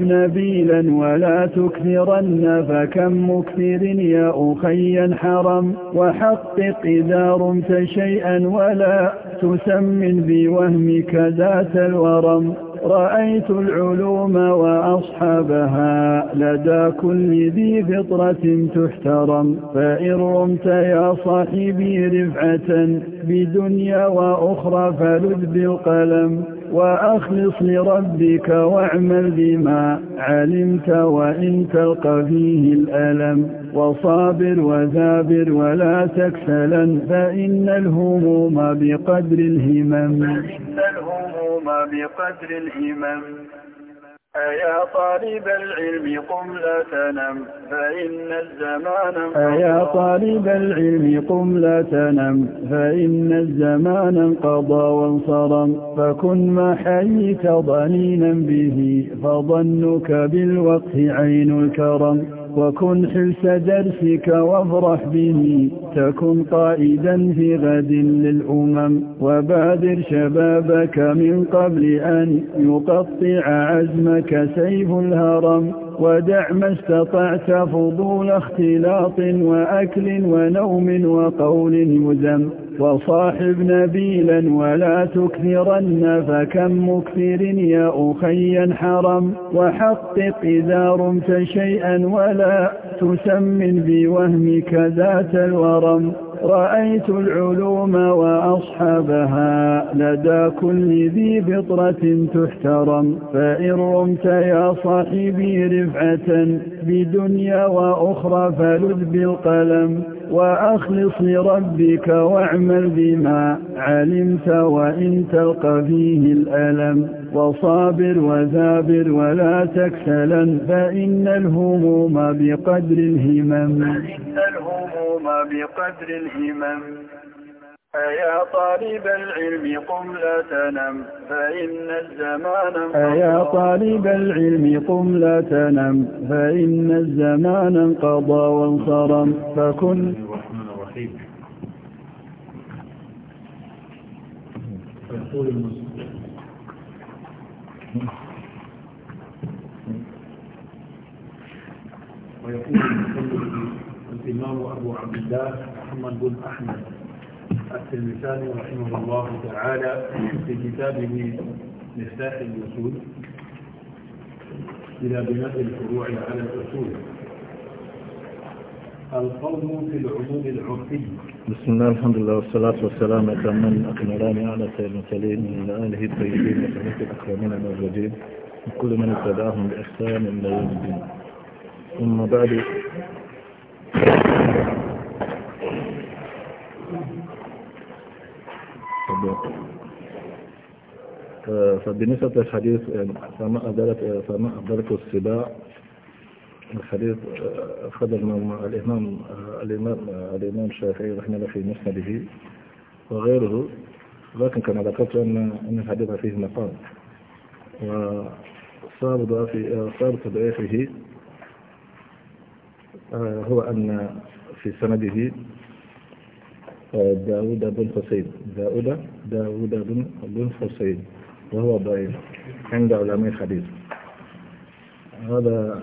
نبيلا ولا تكثرن فكم مكثر يا أخي حرم وحقق إذا رمت شيئا ولا تسمن بوهمك ذات الورم رأيت العلوم وأصحابها لدى كل ذي فطرة تحترم فإن رمت يا صاحبي رفعة بدنيا وأخرى فلذ بالقلم وأخلص لربك واعمل بما علمت وإن تلقى فيه الألم وصابر وذابر ولا تكسلا فإن الهموم بقدر الهمم فإن الهموم بقدر الهمم أيا طالب العلم قم لا تنم فإن الزمان أيا طالب العلم قم لا تنم فإن الزمان انقضى وانصرم فكن ما حييت ضنينا به فظنك بالوقت عين الكرم وكن حلس درسك وافرح به تكن قائدا في غد للأمم وبادر شبابك من قبل أن يقطع عزمك سيف الهرم ودع ما استطعت فضول اختلاط وأكل ونوم وقول مذم وصاحب نبيلا ولا تكثرن فكم مكثر يا أخي حرم وحقق إذا رمت شيئا ولا تسمن بوهمك ذات الورم رأيت العلوم وأصحابها لدى كل ذي فطرة تحترم فإن رمت يا صاحبي رفعة بدنيا وأخرى فلذ بالقلم وأخلص لربك واعمل بما علمت وإن تلقى فيه الألم وصابر وذابر ولا تكسلا فإن الهموم بقدر الهمم فإن الهموم بقدر الهمم أيا طالب العلم قم لا تنم فإن الزمان أيا طالب العلم قم لا تنم فإن الزمان انقضى وانصرم فكن الرحمن الرحيم ويقول الإمام أبو عبد الله محمد بن أحمد التلمساني رحمه الله تعالى في كتابه مفتاح الوصول إلى بناء الفروع على الأصول القول في العموم العرفي بسم الله الحمد لله والصلاة والسلام أتمنى أكملان على سيد المرسلين وعلى آله الطيبين وصحبه الأكرمين الموجودين وكل من اتبعهم بإحسان إلى يوم الدين ثم بعد فبالنسبة للحديث فما أدرك فما أدلت السباع الحديث أخذ الإمام الإمام الإمام الشافعي رحمه الله في مسنده وغيره لكن كما ذكرت أن أن الحديث فيه مقام وصار في صار ضعيفه آه، هو أن في سنده آه، داود بن حسين داود داود بن بن حسين وهو ضعيف عند علماء الحديث هذا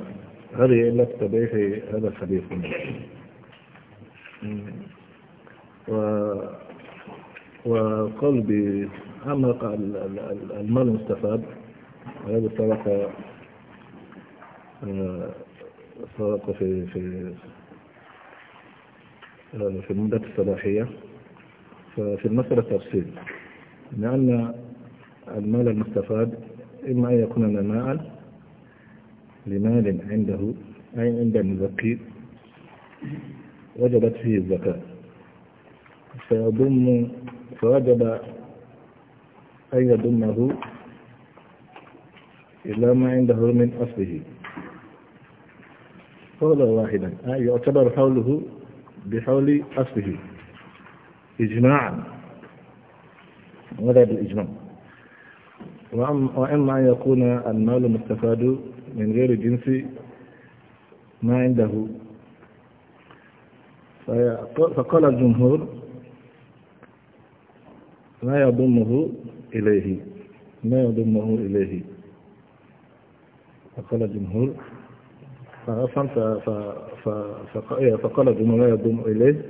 هذا إلا في هذا الحديث و وقال بأما المال المستفاد هذا سبق آه، سبق في في آه، في المدة الصلاحية ففي المسألة تفصيل لأن المال المستفاد إما أن يكون نماء لمال عنده أي عند المزكي وجبت فيه الزكاة فيضم فوجب أن يضمه إلا ما عنده من أصله قولا واحدا أي يعتبر حوله بحول أصله إجماعا ولا بالإجماع وإما أن يكون المال المستفاد من غير جنس ما عنده فقال الجمهور لا يضمه إليه لا يضمه إليه فقال الجمهور فأصلا إيه، فقال الجمهور لا يضم إليه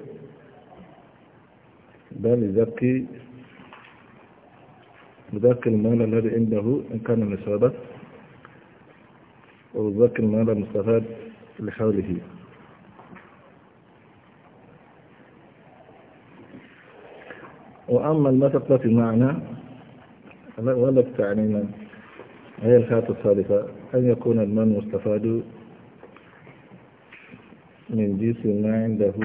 بل يزكي بذاك المال الذي عنده إن كان نصابا وذاك المال المستفاد لحوله وأما المثل في معنى ولا تعنينا هي الحالة الثالثة أن يكون المال مستفاد من جيس ما عنده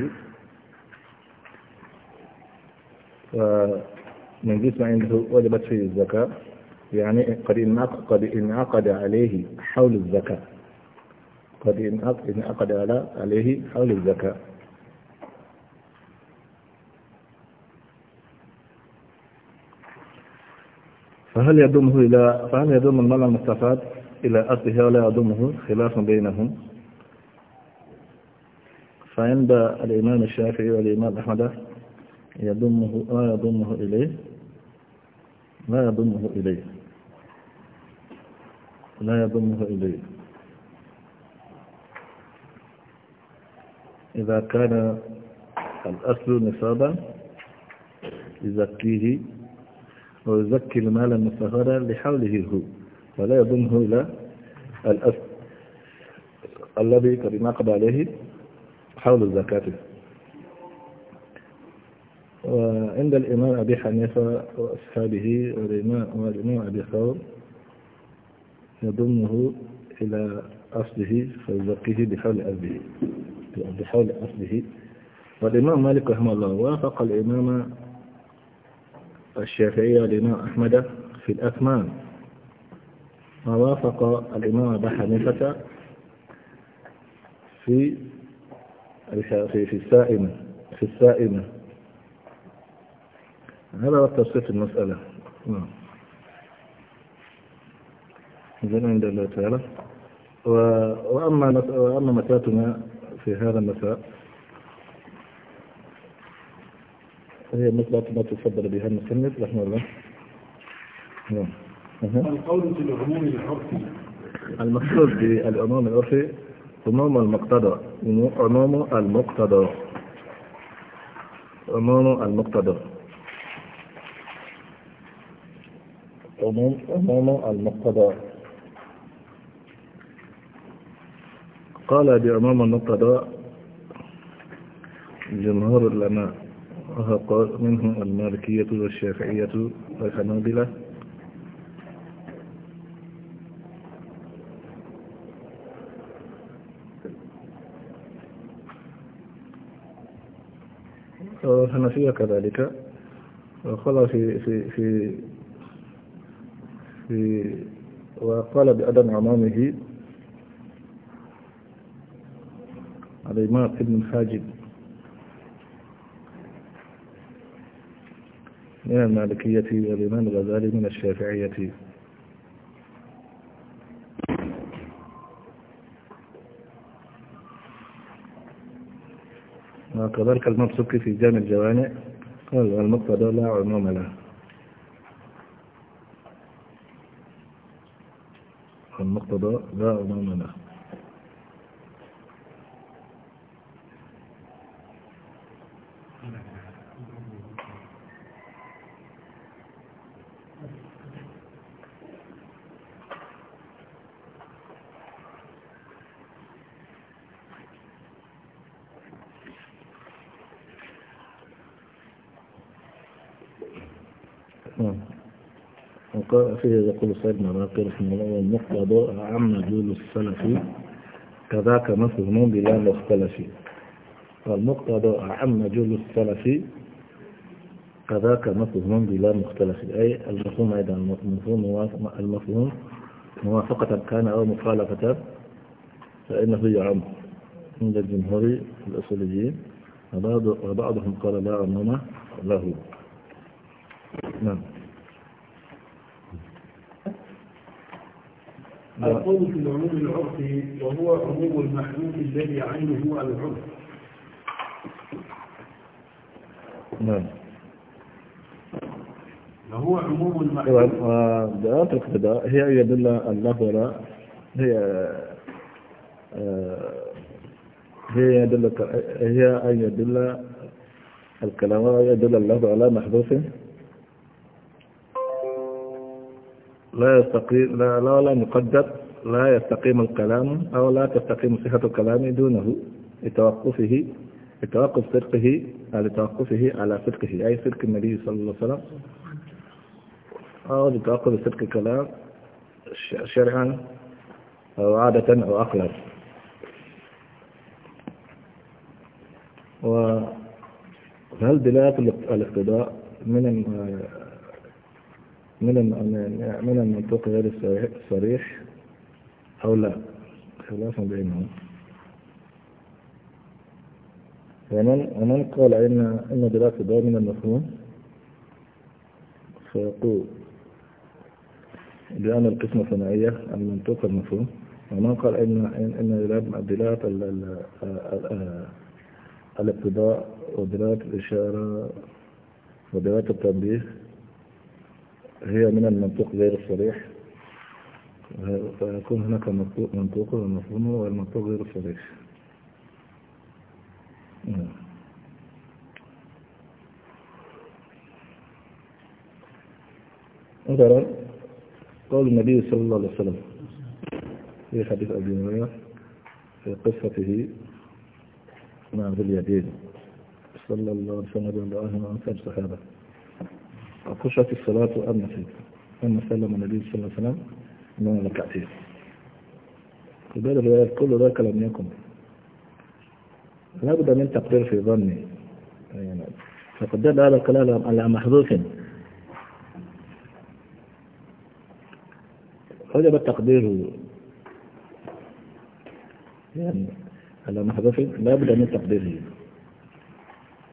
من جسم عنده وجبت فيه الزكاة يعني قد انعقد عليه حول الزكاة قد انعقد عليه حول الزكاة فهل يضمه إلى فهل يضم المال المستفاد إلى أصله ولا يضمه خلاف بينهم فعند الإمام الشافعي والإمام أحمد يضمه لا يضمه إليه لا يضمه إليه لا يضمه إليه إذا كان الأصل نصابا يزكيه ويزكي المال المستفاد لحوله هو ولا يضمه إلى الأصل الذي قد ناقض عليه حول زكاته وعند الإمام أبي حنيفة وأصحابه والإمام أبي ثور يضمه إلى أصله فيزقيه بحول أصله بحول أصله والإمام مالك رحمه الله وافق الإمام الشافعي والإمام أحمد في الأثمان ووافق الإمام أبا حنيفة في في السائمة في السائمة هذا هو تصفيق المسألة نعم إذن عند الله تعالى وأما وأما مسألتنا في هذا المساء هي مثل ما تفضل بها المسند رحمه الله نعم القول في العموم العرفي المقصود بالعموم العرفي عموم المقتضى عموم المقتضى عموم المقتضى العموم عموم المقتضى قال بعموم المقتضى جمهور العلماء وهو منهم المالكية والشافعية والحنابلة والحنفية كذلك وقال في في في في وقال بأدم عمامه على إمام ابن الحاجب من المالكية والإمام الغزالي من الشافعية وكذلك المبسوط في جامع الجوانع قال المقتدى لا عموم له المقتضى لا أمام له Mm-hmm. وقال فيه يقول سيدنا راقي رحمه الله والمقتضى عم جول السلف كذاك مفهوم بلا مختلف المقتضى عم جول السلف كذاك مفهوم بلا مختلف أي المفهوم أيضا المفهوم المفهوم موافقة كان أو مخالفة فإنه يعم عند الجمهور الأصوليين وبعضهم قال لا عمومه له نعم نعم. القول في العموم العرفي وهو عموم المحذوف الذي عينه العرف نعم وهو عموم المحدود دعاءات القضاء هي يدل ولا هي آه، هي يدل هي أن يدل الكلام يدل اللفظ على محذوف لا يستقيم لا لا, لا مقدر لا يستقيم الكلام أو لا تستقيم صحة الكلام دونه لتوقفه لتوقف صدقه لتوقفه على صدقه أي صدق النبي صلى الله عليه وسلم أو لتوقف صدق الكلام شرعا أو عادة أو عقلا وهل دلالة الاقتضاء من من من المنطق غير الصريح أو لا خلافا بينهم ومن ومن قال إن إن دراسة الدواء من المفهوم فيقول بأن القسمة الثنائيه المنطوق المفهوم ومن قال إن إن دلالة الابتداء ودلالة الإشارة ودراسة التنبيه هي من المنطوق غير الصريح فيكون هناك منطوق ومفهوم والمنطوق غير الصريح مثلا نعم. قول النبي صلى الله عليه وسلم في حديث أبي هريرة في قصته مع ذي اليدين صلى الله عليه وسلم وعلى آله وصحبه وقشت الصلاة أم نسيت أن سلم النبي صلى الله عليه وسلم من ركعتين لذلك الرواية كل ذلك لم يكن لابد من تقدير في ظني فقد يعني دل هذا الكلام على محذوف وجب التقدير يعني على محذوف لابد من تقديره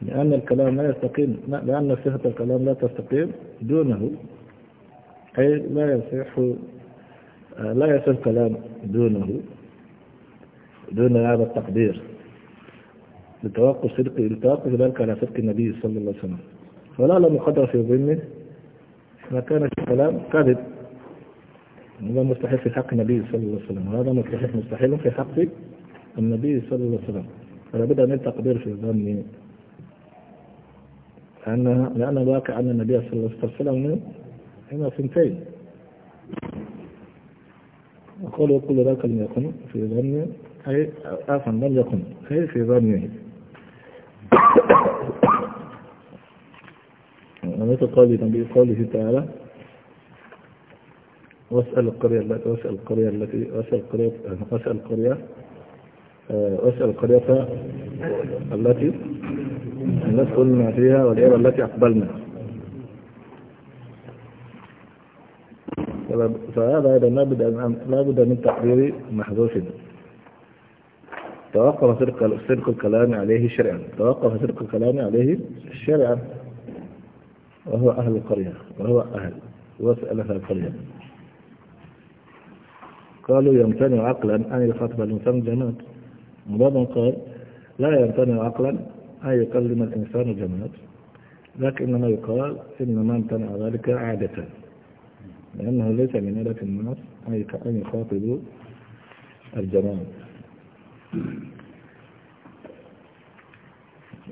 لأن الكلام لا يستقيم لأن صفة الكلام لا تستقيم دونه أي لا يصح لا يصح الكلام دونه دون هذا التقدير لتوقف صدق لتوقف ذلك على صدق النبي صلى الله عليه وسلم ولا لا يقدر في ظنه في الكلام كذب هذا مستحيل في حق النبي صلى الله عليه وسلم وهذا مستحيل مستحيل في حق النبي صلى الله عليه وسلم فلا بد من التقدير في ظنه أنها لأن واقع أن النبي صلى الله عليه وسلم هنا سنتين يقول كل ذاك لم يكن في ظني أي عفوا لم يكن أي في ظنه ومثل قول النبي قوله تعالى واسأل القرية التي واسأل القرية التي واسأل القرية واسأل القرية واسأل القرية التي الناس كل ما فيها والعبر التي أقبلنا طيب، فهذا أيضا لابد من تقدير محذوف توقف سرق الكلام عليه شرعا توقف سرق الكلام عليه شرعا وهو أهل القرية وهو أهل وسأل أهل القرية قالوا يمتنع عقلا أن يخاطب الإنسان جنات مضاد قال لا يمتنع عقلا أن يكلم الإنسان جماد لكن إنما يقال إن من امتنع ذلك عادة لأنه ليس من عادة الناس أن يخاطبوا الجماد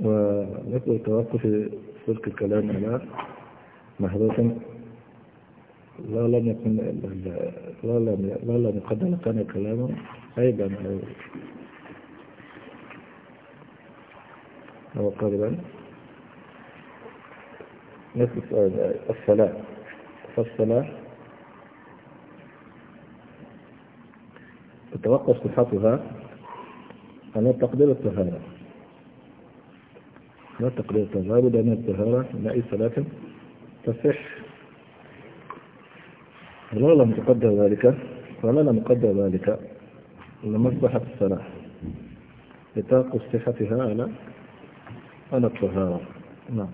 ونقول في سلك الكلام على محظوظ لا لم يكن لا لم لا لم يقدم كان كلامه أيضا هو قريبا نفس السؤال الصلاة فالصلاة تتوقف صحتها على تقدير الطهارة لا تقدير الطهارة لابد من الطهارة من أي صلاة تصح ولو لم تقدر ذلك ولا لم يقدر ذلك لما أصبحت الصلاة لتقص صحتها على على الطهارة نعم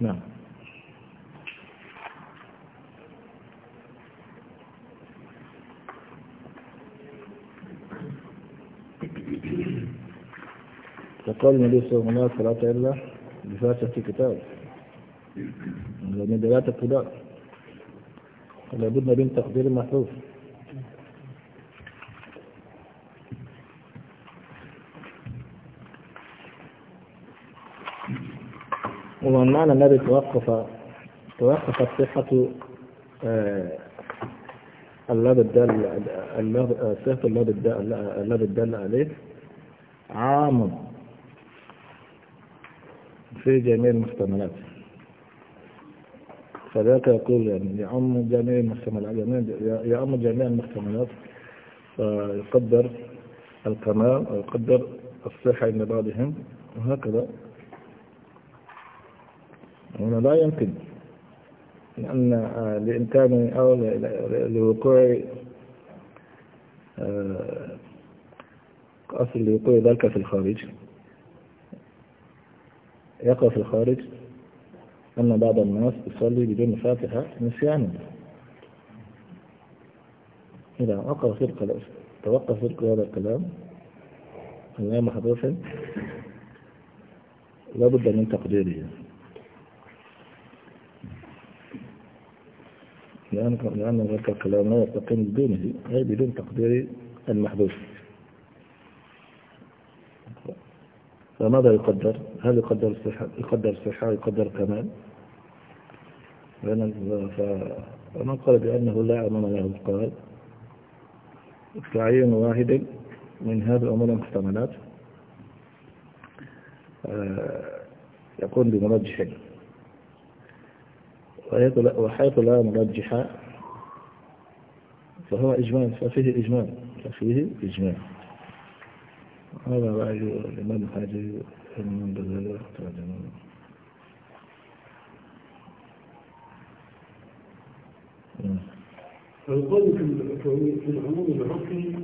نعم فقال النبي صلى الله عليه وسلم لا صلاة إلا بفاتحة كتاب لأن لا تقدر لابد من تقدير محذوف والمعنى الذي توقف توقفت آه، آه، صحة الذي الدال صحة الذي الدال الذي الدال عليه عام في جميع المحتملات فذاك يقول يعني يعم جميع المحتملات يعني يعم جميع المحتملات فيقدر الكمال ويقدر الصحة عند بعضهم وهكذا هنا لا يمكن لأن آه، لإمكان أو لوقوع آه، أصل لوقوع ذلك في الخارج يقع في الخارج أن بعض الناس يصلي بدون فاتحة نسيانا إذا وقع في الكلام توقف في هذا الكلام الآن محذوفا لابد من تقديره لأن لأن ذلك الكلام لا يستقيم بدونه أي بدون تقدير المحذوف فماذا يقدر؟ هل يقدر الصحة يقدر الصحة يقدر الكمال؟ فمن قال بأنه لا أمام له قال تعيين واحد من هذه الأمور المحتملات آه، يكون بمرجح وحيث لا مرجح فهو إجمال ففيه إجمال ففيه إجمال هذا رأي الإمام الحاجي من ترجمه نعم. فيقال في العموم العرفي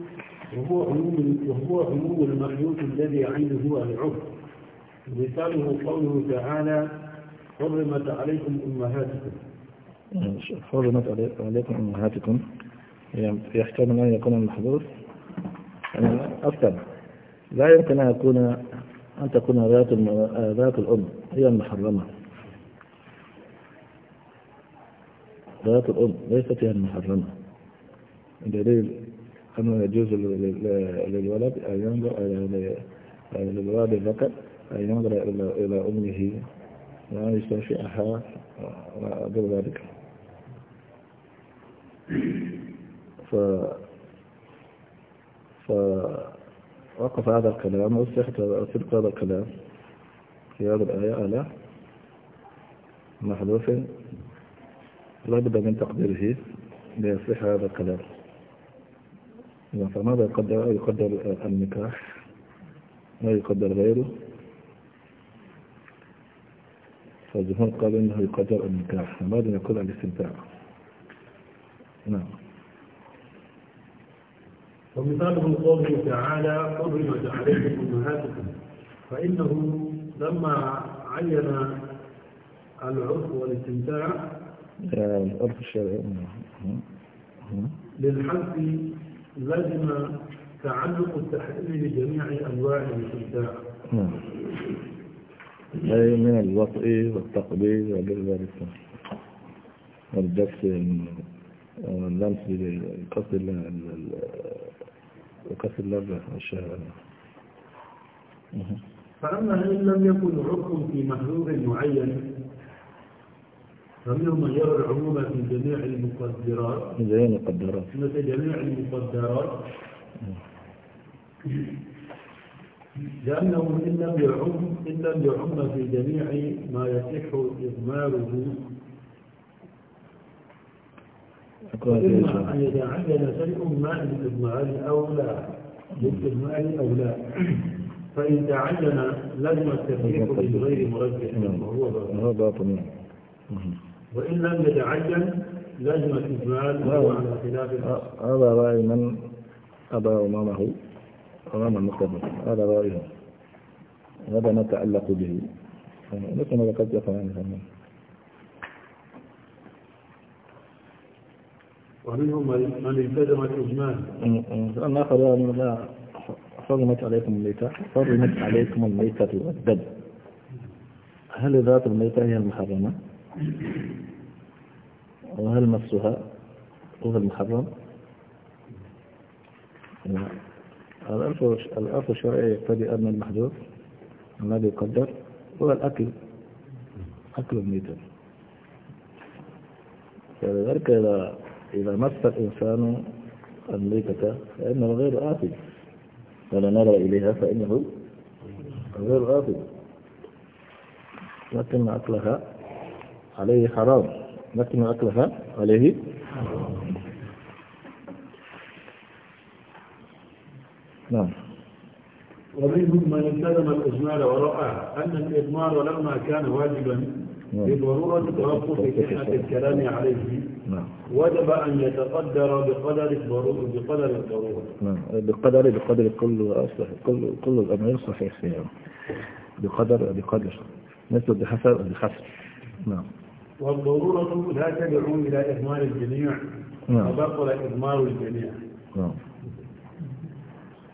وهو عموم وهو عموم المخلوق الذي عنده هو العرف مثاله قوله تعالى حرمت عليكم أمهاتكم حرمت عليكم أمهاتكم يعني يحتمل أن يكون المحظوظ يعني اصلا لا يمكن أن يكون أن تكون ذات ذات الأم هي المحرمة ذات الأم ليست هي المحرمة دليل أنه يجوز للولد أن ينظر للولد الذكر أن ينظر إلى أمه يستنشئها وغير ذلك ف فوقف هذا الكلام وصدق هذا الكلام في هذه الآية على محذوف لابد من تقديره ليصح هذا الكلام فماذا يقدر يقدر النكاح ما يقدر غيره فالجمهور قال إنه يقدر النكاح فماذا نقول عن الاستمتاع نعم ومثاله قوله تعالى حرمت عليكم امهاتكم فانه لما عين العرف والاستمتاع العرف نعم، الشرعي نعم. للحذف لزم تعلق التحريم بجميع انواع الاستمتاع نعم. أي من الوطء والتقبيل والإذبار والدفس واللمس بالقصد وكسر لبة الشهر فأما إن لم يكن حكم في محذور معين فمنهم من يرى العموم في جميع المقدرات من جميع المقدرات من جميع المقدرات لأنه إن لم يعم إن لم يعم في جميع ما يصح إضماره إما أن يتعين شيء ما للإضمار أو لا للإضمار أو لا فإن تعين لازم التفريق من غير مرجح وهو نعم. باطل نعم. وإن لم يتعين لازم الإضمار وهو نعم. على خلاف هذا رأي من أبى أمامه تماما مستدرك هذا رأيهم هذا ما تعلق به مثل ما ذكرت يا اخواني ومنهم من التزم الإجمال سؤال آخر حرمت عليكم الميتة حرمت عليكم الميتة والدم هل ذات الميتة هي المحرمة؟ وهل مسها هو المحرم؟ نعم الأرض الشرعي يقتضي أمن المحذور الذي يقدر هو الأكل أكل الميتة فلذلك إذا إذا مس الإنسان الميتة فإنه غير آثم ولا نرى إليها فإنه غير آثم لكن أكلها عليه حرام لكن أكلها عليه نعم ومنهم من التزم الإجمال ورأى أن الإجمال لما كان واجبا بضرورة نعم. توقف صحة الكلام عليه نعم. وجب أن يتقدر بقدر الضرورة بقدر الضرورة نعم بقدر بقدر كل كل كل الأمرين صحيح فيها بقدر بقدر مثل بحسب بحسب نعم والضرورة لا تدعو إلى إهمال الجميع نعم وبطل إهمال الجميع نعم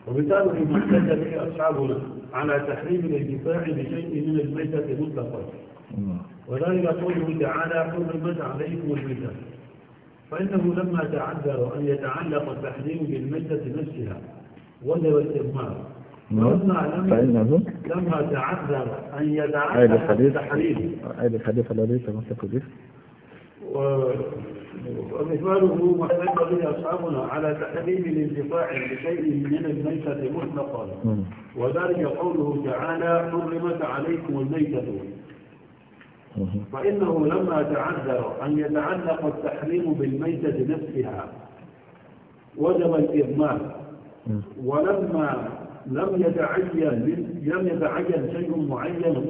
ومثال ما احتج به أصحابنا على تحريم الانتفاع بشيء من الميتة مطلقا وذلك قوله تعالى حرمت عليكم الميتة فإنه لما تعذر أن يتعلق التحريم بالميتة نفسها وجب استثمار فإنه لما تعذر أن يتعذر التحريم أي الحديث الذي تمسك به ومثاله ما ذكر به أصحابنا على تحريم الانتفاع بشيء من الميتة مطلقا وذلك قوله تعالى حرمت عليكم الميتة فإنه لما تعذر أن يتعلق التحريم بالميتة نفسها وجب الإضمان ولما لم يتعين لم يتعين شيء معين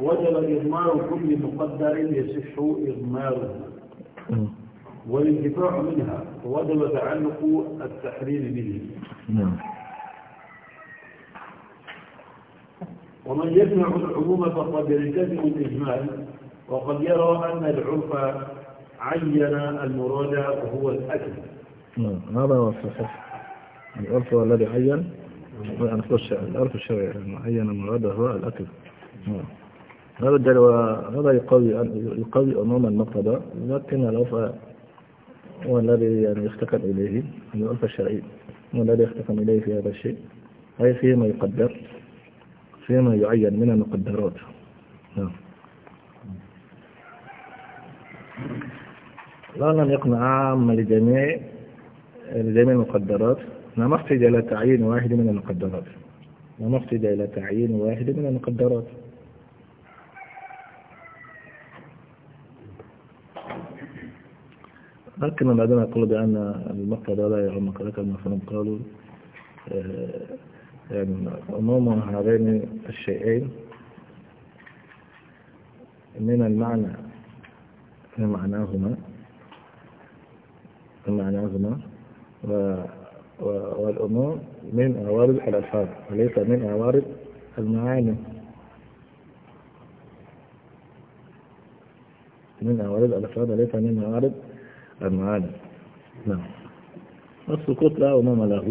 وجب إضمار كل مقدر يصح إضماره والانتفاع منها وعدم تعلق التحرير به نعم ومن يجمع العموم فقد يلتزم الإجمال وقد يرى أن العرف عين المراد وهو الأكل نعم هذا هو الصحيح العرف هو الذي عين العرف الشرعي عين المراد هو الأكل نعم هذا هذا يقوي يقوي عموما المقتضى لكن العرف هو الذي يعني يختكم إليه من يعني العرف الشرعي هو الذي يختكم إليه في هذا الشيء أي فيما يقدر فيما يعين من المقدرات نعم لا لم يقنع عاما لجميع لجميع المقدرات لا محتاج إلى تعيين واحد من المقدرات لا محتاج إلى تعيين واحد من المقدرات لكن بعدنا أقول بأن المقصد لا يهم كذلك المفهوم قالوا آه، يعني عموما هذين الشيئين من المعنى في معناهما في معناهما والأمور من عوارض الألفاظ وليس من عوارض المعاني من عوارض الألفاظ وليس من عوارض المعاني نعم السقوط لا وما له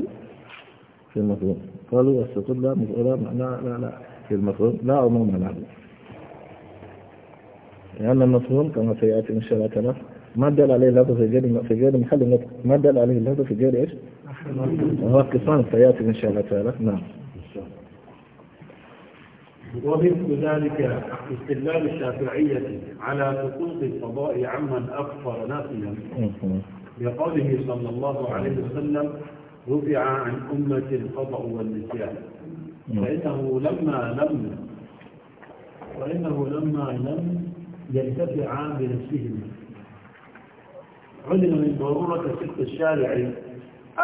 في المفهوم قالوا السقوط لا لا لا لا في المفهوم لا وما له لأن يعني المفهوم كما سيأتي آية إن شاء الله تعالى ما دل عليه اللفظ في غير في غير محل ما دل عليه اللفظ في غير إيش؟ هو القسم سيأتي إن شاء الله تعالى نعم ومثل ذلك استدلال الشافعية على سقوط القضاء عمن أكفر نافيا بقوله صلى الله عليه وسلم رفع عن أمة الخطأ والنسيان فإنه لما لم فإنه لما لم يرتفع بنفسه علم من ضرورة صدق الشارع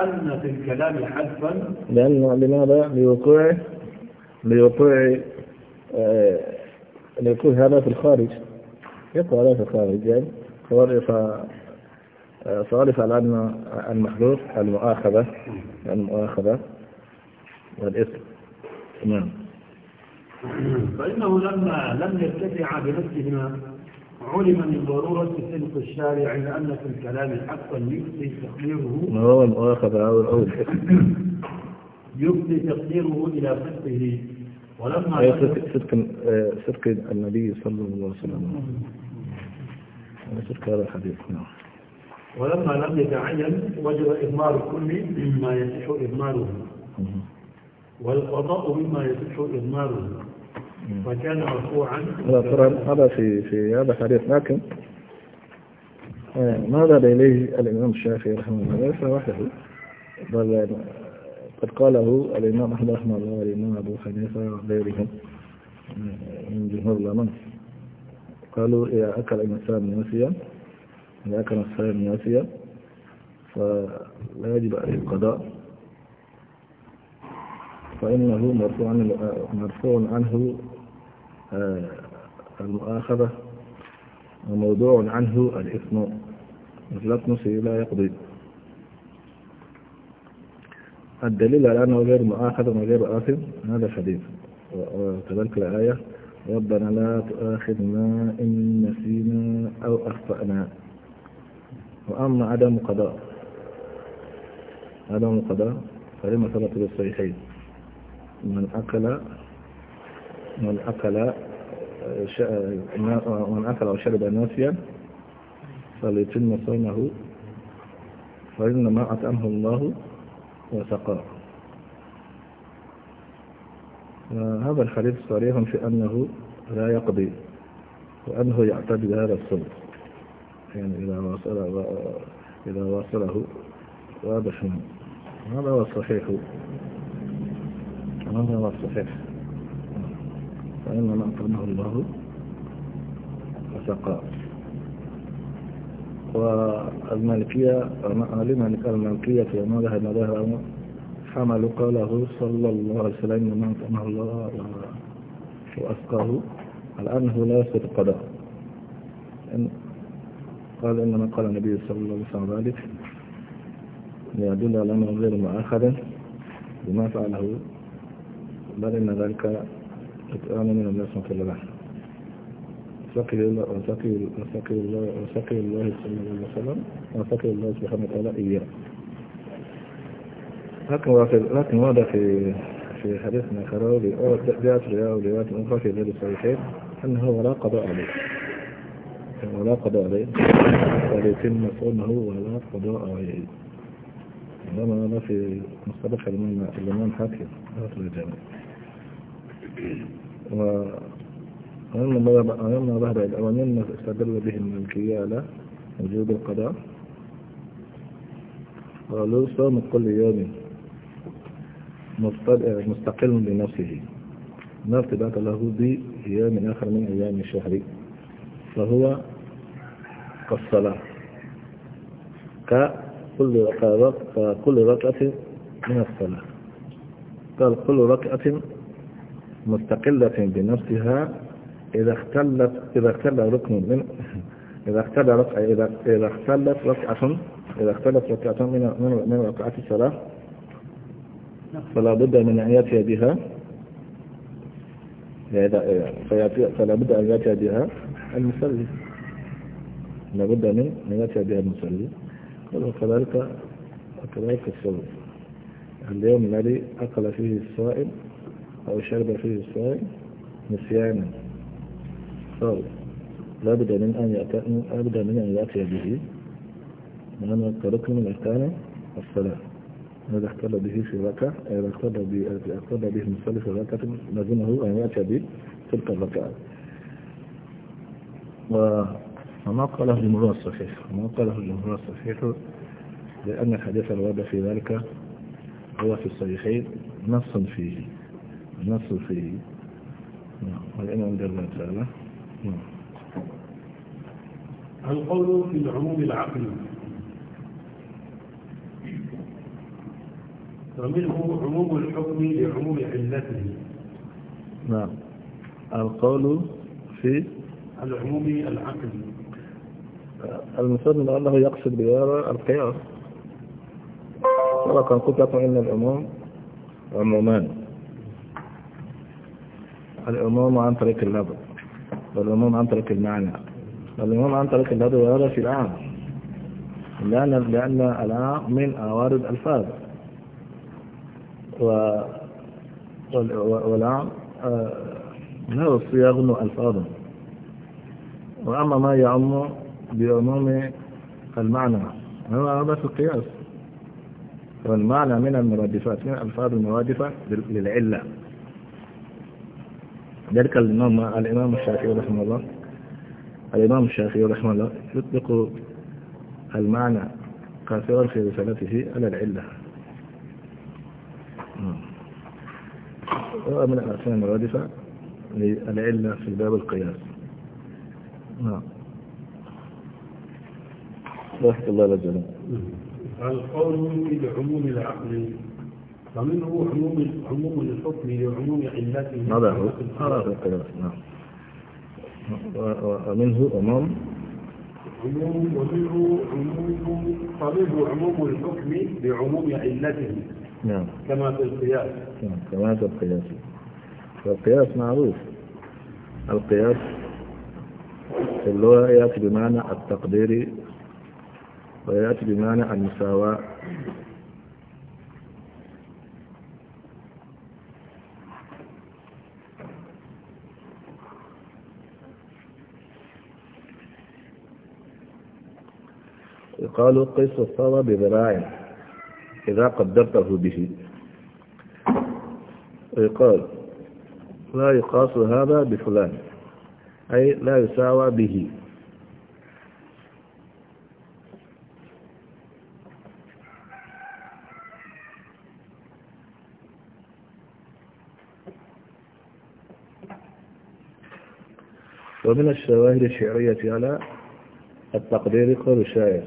أن في الكلام حذفا لأنه لماذا لوقوع لوقوع آه، أن يكون هذا في الخارج يقوى هذا في الخارج يعني صارف على أن المخلوق المؤاخذة المؤاخذة والإثم نعم فإنه لما لم يرتفع بنفسهما علم من ضرورة سلق الشارع لأن في الكلام حقا يكفي تقديره ما هو المؤاخذة أو العود يكفي تقديره إلى فقهه ولما صدق آه، صدق النبي صلى الله عليه وسلم صدق هذا الحديث نعم ولما لم يتعين وجب إضمار كل مما يصح إضماره والقضاء مما يصح إضماره فكان مرفوعا هذا في في هذا الحديث لكن آه، ما ذهب إليه الإمام الشافعي رحمه الله ليس وحده بل قد قاله الإمام أحمد رحمه الله والإمام أبو حنيفة وغيرهم آه، من جمهور العلماء قالوا إذا أكل الإنسان ناسيا إذا أكل الإنسان ناسيا فلا يجب عليه القضاء فإنه مرفوع عنه, مرفوع عنه آه، المؤاخذة وموضوع عنه الإثم مثل لا يقضي الدليل على أنه غير مؤاخذ وغير آثم هذا الحديث وكذلك الآية ربنا لا تؤاخذنا إن نسينا أو أخطأنا وأما عدم قضاء عدم قضاء فلما ثبت بالصحيحين من أكل من أكل من أكل أو شرب ناسيا فليتم صومه فإنما أطعمه الله وسقاه هذا الحديث صريح في أنه لا يقضي وأنه يعتدي هذا الصوت يعني إذا واصله إذا واصله واضح هذا هو الصحيح هذا هو الصحيح فإن من أكرمه الله وسقاه والمالكية لمن كان المالكية في مذهب مذهب حمل قوله صلى الله عليه وسلم من سمع الله وأسقاه على أنه لا يسقط القضاء قال إنما قال النبي صلى الله عليه وسلم ذلك ليدل على أنه غير مؤاخذ بما فعله بل إن ذلك إتقان من الناس سبحانه وتعالى سقي الله سقي الله سقي الله صلى الله عليه وسلم سقي الله سبحانه وتعالى إياه لكن لكن هذا في في حديثنا كراوي أو جاءت روايات أخرى في غير الصحيحين أنه ولا قضاء عليه ولا قضاء عليه وليتم صومه ولا قضاء عليه إنما هذا في مصطلح الإمام الإمام حاكم ومما ظهر إلى ومما استدل به الملكية على وجوب القضاء قالوا صوم كل يوم مستقل بنفسه ما ارتباط له بيوم آخر من أيام الشهر فهو كالصلاة ككل كل ركعة من الصلاة قال كل ركعة مستقلة بنفسها إذا اختلت إذا اختل ركن من إذا اختل ركعة إذا إذا اختلت ركعة إذا اختلت ركعة من من من ركعات الصلاة فلا بد من أن يأتي بها إذا فلا بد أن يأتي بها المصلي لا بد من أن يأتي بها المصلي وكذلك وكذلك الصوم اليوم الذي أكل فيه الصائم أو شرب فيه الصائم نسيانا فهو لابد من أن يأتي لابد من أن يأتي به لأن كركن من أركان الصلاة إذا اختل به في ركعة إذا اختل به إذا اختل به المصلي في ركعة لازمه أن يأتي به تلك الركعة وما قاله الجمهور الصحيح ما قاله الجمهور الصحيح لأن الحديث الواضح في ذلك هو في الصحيحين نص فيه نص فيه نعم عند الله تعالى القول في العموم العقلي ومنه عموم الحكم لعموم علته نعم القول في العموم العقلي المسلم الله يقصد بهذا القياس ولو كان قلت لكم إن العموم عمومان العموم عن طريق اللبن والإمام عن طريق المعنى والإمام عن طريق الهدى والهدى في العام لأن, لأن العام من أوارد الفاظ و والعام له آه، صيغ ألفاظ وأما ما يعم بعموم المعنى هو هذا في القياس والمعنى من المرادفات من ألفاظ المرادفة للعلة ذلك الإمام الإمام الشافعي رحمه الله الإمام الشافعي رحمه الله يطلق المعنى كثيرا في رسالته على العلة ومن نعم. الأحسن المرادفة للعلة في باب القياس نعم رحمة الله لجل القول في العموم العقلي ومنه عموم عموم الحكم لعموم علته هذا هو هذا هو القياس نعم ومنه عموم عموم ومنه عموم فمنه عموم الحكم لعموم علته نعم كما في القياس نعم كما في القياس القياس معروف القياس في اللغة يأتي بمعنى التقدير ويأتي بمعنى المساواة يقال قيس الصلاة بذراع إذا قدرته به ويقال لا يقاس هذا بفلان أي لا يساوى به ومن الشواهد الشعرية على التقدير قول الشاعر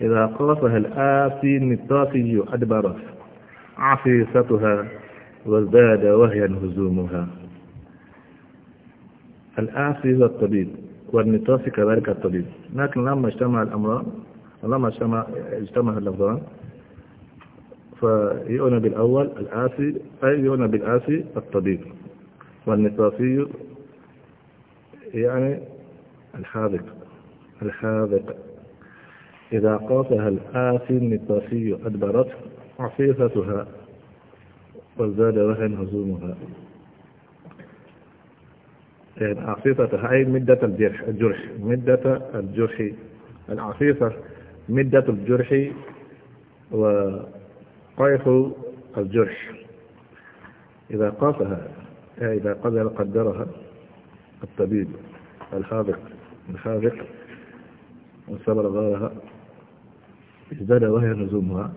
إذا قاصها الآسي النطاقي أدبرت عفيستها وازداد وهي هزومها الآسي هو الطبيب والنطاقي كذلك الطبيب لكن لما اجتمع الأمران لما اجتمع اجتمع اللفظان فيؤنى بالأول الآسي أي يؤنى بالآسي الطبيب والنطاقي يعني الحاذق الحاذق إذا قاطها الآثم النطاسي أدبرته عفيفتها وزاد وهن هزومها يعني عفيفتها أي مدة الجرح الجرح مدة الجرح العفيفة مدة الجرح وقيح الجرح إذا قاسها يعني إذا قدر قدرها الطبيب الحاذق الحاذق وصبر غارها ازداد وهي هزومها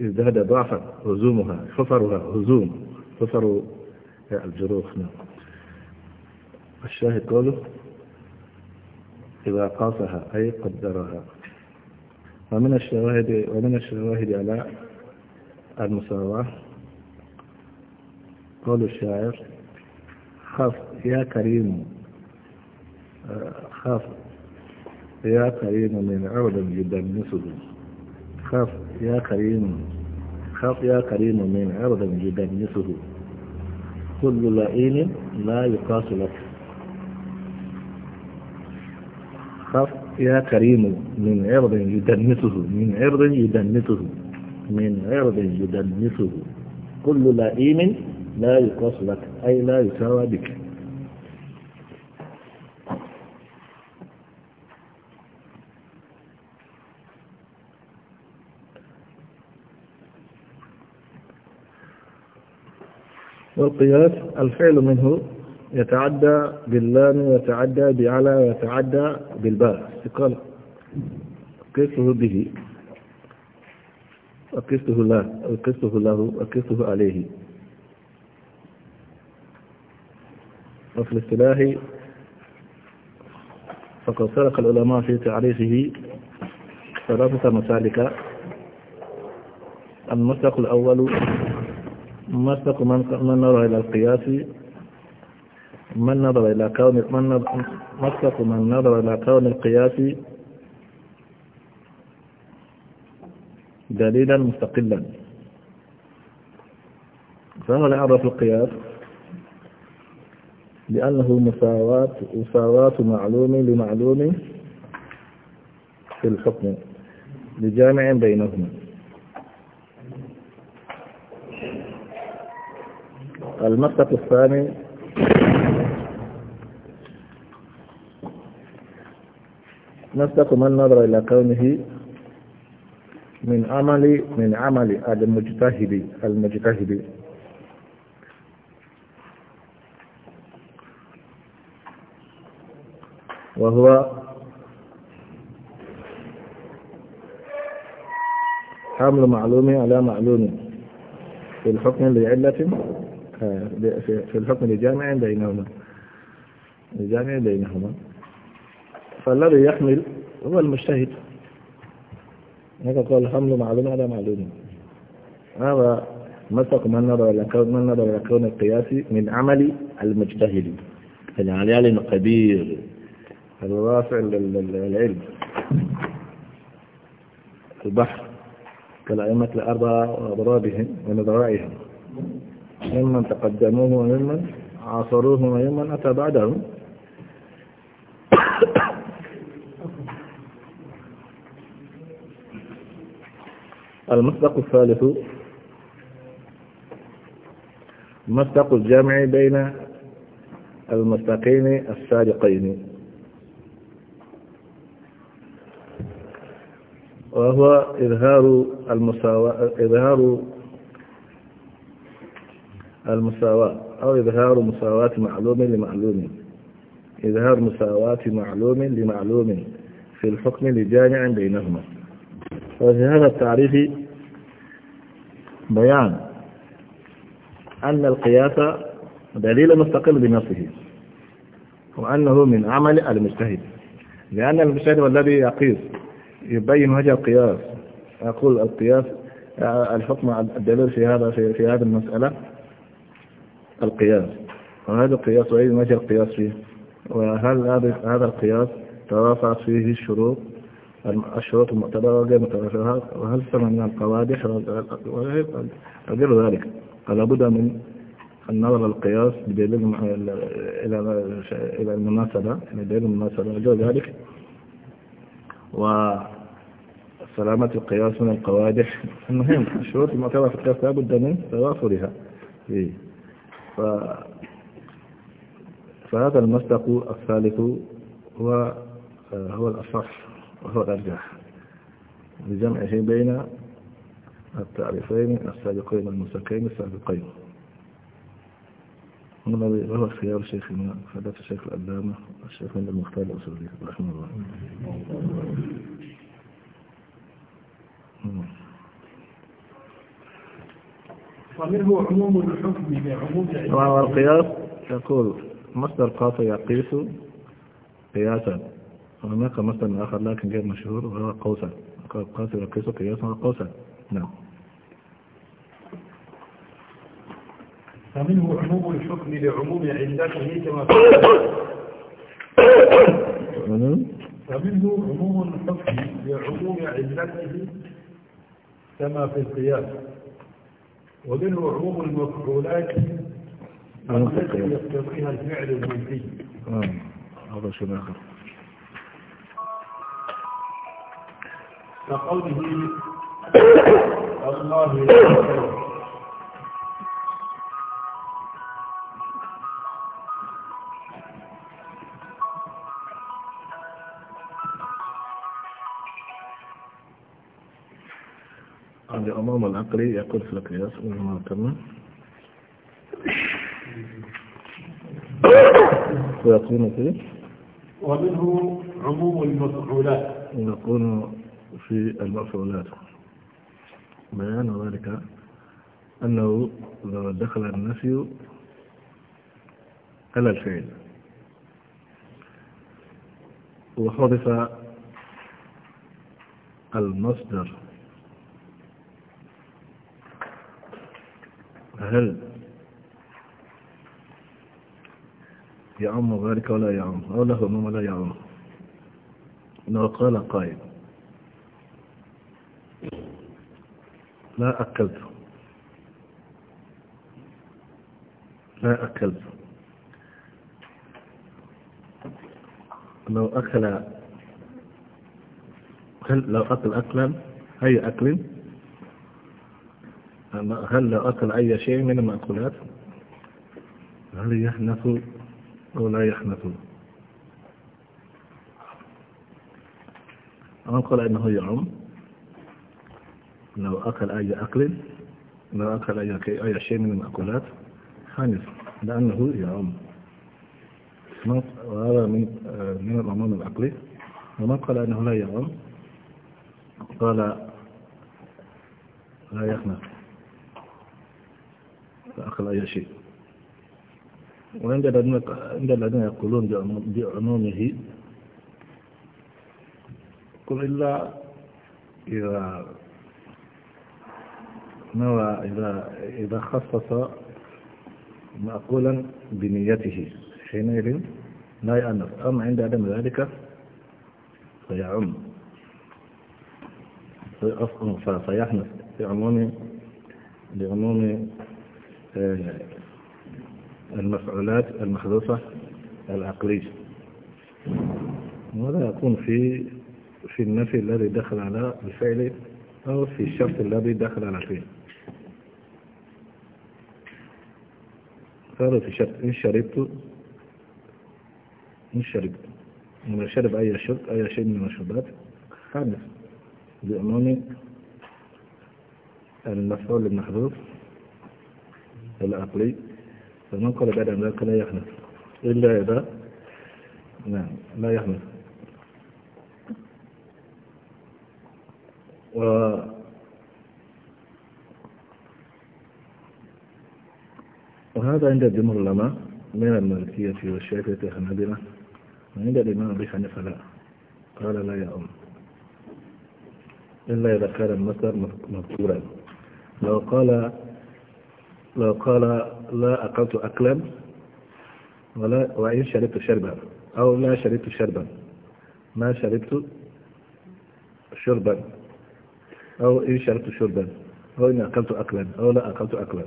ازداد ضعفا هزومها حفرها هزوم حفر الجروح نعم الشاهد قوله إذا قاسها أي قدرها ومن الشواهد ومن الشواهد على المساواة قول الشاعر خاف يا كريم آه، خاف يا كريم من عود يدنسه خاف يا كريم خاف يا كريم من عرض عرضا يدنسه كل لئيم لا يقاس لك خاف يا كريم من عرض يدنسه من عرض يدنسه من عرض يدنسه كل لئيم لا يقاس لك أي لا يساوى بك والقياس الفعل منه يتعدى باللام ويتعدى بعلى ويتعدى بالباء استقال قسه به أقسته له أقسته له أقسته عليه وفي الاصطلاح فقد سرق العلماء في تعريفه ثلاثة مسالك المسلك الأول مسلك من من نظر إلى القياس من نظر إلى كون من مسلك من نظر إلى كون القياس دليلا مستقلا فهو لا يعرف القياس لأنه مساواة مساواة معلوم لمعلوم في الحكم لجامع بينهما المسلك الثاني مسلك من نظر إلى كونه من عمل من عمل المجتهد المجتهد وهو حمل معلوم على معلوم في الحكم لعلة في الحكم الجامع بينهما الجامع بينهما فالذي يحمل هو المجتهد هذا قال حمل معلوم هذا معلوم هذا مسق من نظر إلى كون من نظر إلى كون القياسي من عمل المجتهد يعني علم كبير الواسع للعلم البحر كالأئمة الأربعة وأضرابهم ونظرائهم ممن تقدموه وممن عاصروه وممن أتى بعدهم المصدق الثالث مصدق الجمع بين المصدقين السابقين وهو إظهار, المساواة إظهار المساواة أو إظهار مساواة معلوم لمعلوم إظهار مساواة معلوم لمعلوم في الحكم لجامع بينهما وفي هذا التعريف بيان أن القياس دليل مستقل بنفسه وأنه من عمل المجتهد لأن المجتهد الذي يقيس يبين وجه القياس يقول القياس آه، الحكم الدليل في هذا في هذه المسألة القياس وهذا القياس وأي مجال القياس فيه وهل هذا القياس ترافع فيه الشروط الشروط المعتبرة وغير متوافرة وهل سمعنا من القوادح وغير ذلك فلا بد من النظر للقياس بدليل إلى إلى المناسبة يعني بدليل المناسبة وجود ذلك وسلامة القياس من القوادح المهم الشروط المعتبرة في القياس لابد من توافرها إيه. ف... فهذا المصدق الثالث هو آه، هو الأصح وهو الأرجح لجمعه بين التعريفين السابقين المسكين السابقين وهو اختيار شيخنا حدث الشيخ الألامة الشيخ من المختار الأسري رحمه الله نعم. نعم. ومنه عموم الحكم بعموم والقياس يقول مصدر قاطع يقيس قياسا هناك مصدر آخر لكن غير مشهور وهو قوسا قاطع يقيس قياسا وقوسا نعم فمنه عموم الحكم لعموم علته كما فمنه عموم الحكم لعموم علته كما في القياس ومنه عموم المفعولات التي يقتضيها الفعل المنفي آه، هذا شيء آخر كقوله الله لا أمام العقلي يقول في القياس وما كمل ويقول في ومنه عموم المفعولات يقول في المفعولات بيان ذلك أنه دخل النفي على الفعل وحذف المصدر هل يعم ذلك ولا يعم أو له أمام لا يعم إنه قال قائل لا أكلت لا أكلت لو أكل هل لو أكل أكلا أي أكل هل أكل أي شيء من المأكولات هل يحنث أو لا يحنث أو قال إنه يعم لو أكل أي أكل لو أكل أي شيء من المأكولات حنث لأنه يعم وهذا من من الأمام العقلي ومن قال أنه لا يعم قال لا يحنث فأخذ أي شيء وعند الذين يقولون بعمومه قل إلا إذا نوى إذا إذا خصص معقولا بنيته حينئذ لا يأنف أما عند عدم ذلك فيعم فيحنث بعموم بعموم آه، المفعولات المحذوفة العقلية وهذا يكون في في النفي الذي دخل على الفعل أو في الشرط الذي دخل على الفعل هذا في شرط إن شربت إن شربت إن شرب أي شرب أي شيء من المشروبات حدث بأمام المفعول المحذوف العقلي فمن قال بعد أن ذلك لا يحنث إلا إذا نعم لا يحنث و وهذا عند جمهور العلماء من المالكية والشافعية والحنابلة وعند الإمام أبي حنيفة لا قال لا يا أم إلا إذا كان المثل مذكورا لو قال لو قال لا أكلت أكلا ولا وإن شربت شربا أو لا شربت شربا ما شربت شربا أو إن شربت شربا أو إن أكلت أكلا أو لا أكلت أكلا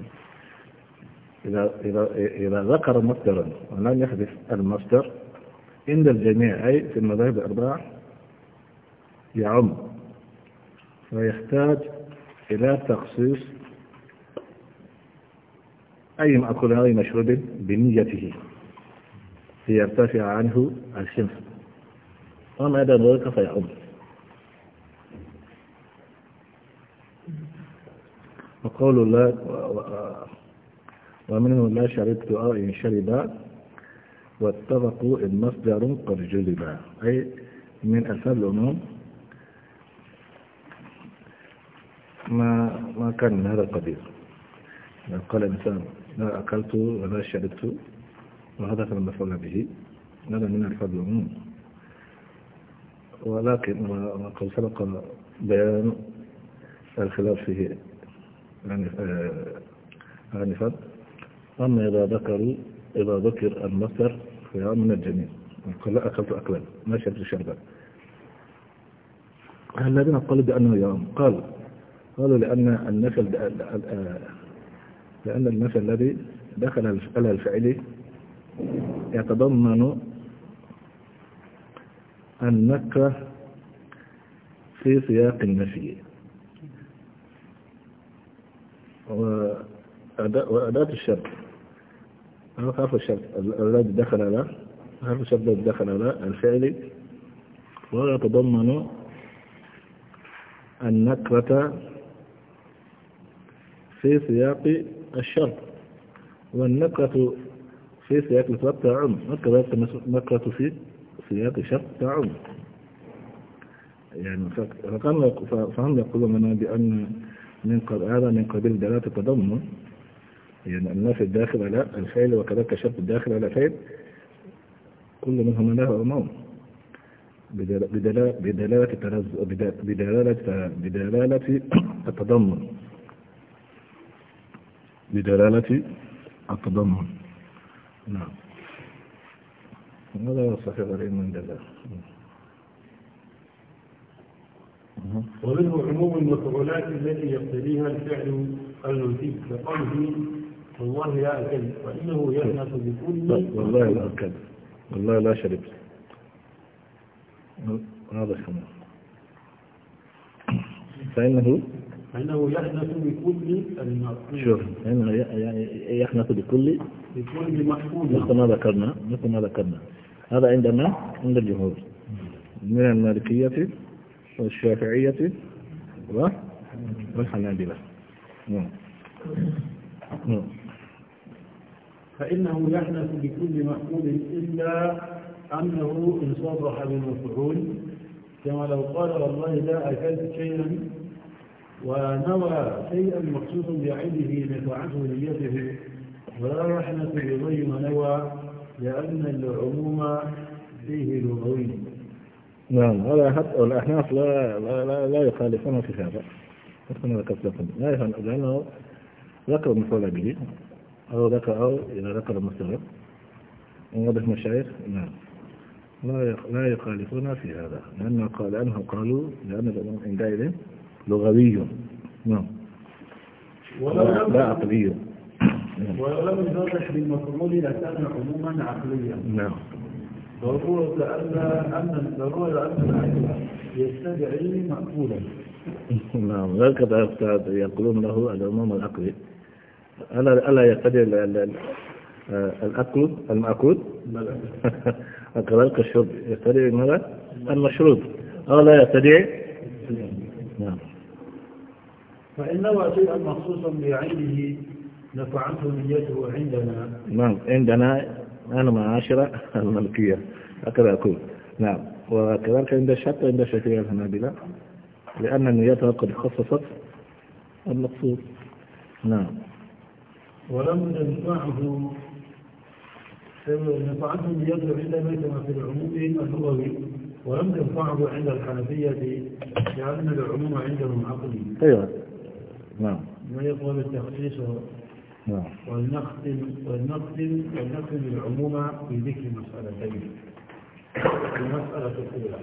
إذا, إذا, إذا ذكر مصدرا ولم يحدث المصدر عند الجميع أي في المذاهب الأربعة يعم ويحتاج إلى تخصيص أي مأكل أو أي مشروب بنيته ليرتفع عنه الشمس وما ذلك فيعم وقول الله ومنهم لا شربت أو إن شرب واتفقوا إن مصدر قد جذب أي من أسباب العموم ما ما كان من هذا القبيل قال الإنسان لا أكلت ولا شربت وهذا فلم مفعول به هذا من الفضل العموم ولكن وقد سبق بيان الخلاف فيه يعني، آنفا آه، أما إذا ذكروا إذا ذكر المصدر فهو من الجميع قال لا أكلت أكلا ما شربت شربا الذين قالوا بأنه يوم قال قالوا لأن النفل لأن المثل الذي دخل على الفعل يتضمن النكرة في سياق النفي وأداة الشرط أنا حرف الشرط الذي دخل على حرف الشرط الذي دخل على الفعل ويتضمن النكرة في سياق الشرط والنكرة في سياق الطلب تعم نكرة في سياق الشرط تعم يعني فهم يقولون لنا بأن من هذا من قبيل دلالة التضمن يعني النفي الداخل على الفعل وكذلك الشرط الداخل على الفعل كل منهما له أمام بدلالة بدلالة بدلالة التضمن بدلالة التضمن نعم هذا هو الصحيح العلم من دلالة ومنه عموم المفعولات التي يقتضيها الفعل المنفي كقوله والله لا أكل فإنه يأنس بكل والله لا أكل والله لا شرب هذا كمان فإنه فإنه يحنث بكل المحفوظ شوف يعني يحنث بكل بكل محفوظ مثل ما ذكرنا مثل ما ذكرنا هذا عندنا عند الجمهور من المالكية والشافعية والحنابلة نعم نعم فإنه يحنث بكل محفوظ إلا أنه إن صرح بالمفعول كما لو قال والله لا أكلت شيئا ونوى شيئا مخصوصا بعينه نفعته نيته ولا رحمة بغي ما نوى لأن العموم فيه لغوي نعم ولا حتى الأحناف لا لا لا, لا يخالفون في هذا كما ذكرت لكم لا يخالفون لأنه ذكر المفعول به أو ذكر أو إذا ذكر من واضح مشايخ نعم لا لا يخالفون في هذا لأنه قال لأنهم قالوا لأن الأمر عندئذ لغوي نعم لا عقلي ولو لم يدرك بالمفعول لكان عموما عقليا نعم ضرورة أن أن الضرورة أن العقل يستدعي مأكولا نعم ذلك يقولون له العموم العقلي ألا ألا يقدر الأكل المأكل نعم. كذلك الشرب يستدعي ماذا؟ المشروب أو لا يستدعي؟ نعم, نعم. فإن نوى شيئا مخصوصا بعينه نفعته نيته عندنا نعم عندنا أنا معاشرة الملكية هكذا أقول نعم وكذلك عند الشرط عند الشافعية الحنابلة لأن نيتها قد خصصت المقصود نعم ولم ينفعه نفعته نيته عندنا كما في العموم اللغوي ولم ينفعه عند الحنفية لأن العموم عندهم عقلي أيوه نعم يقول بالتخصيص نعم ولنختم ولنختم ولنختم العموم بذكر مسألتين المسألة الأولى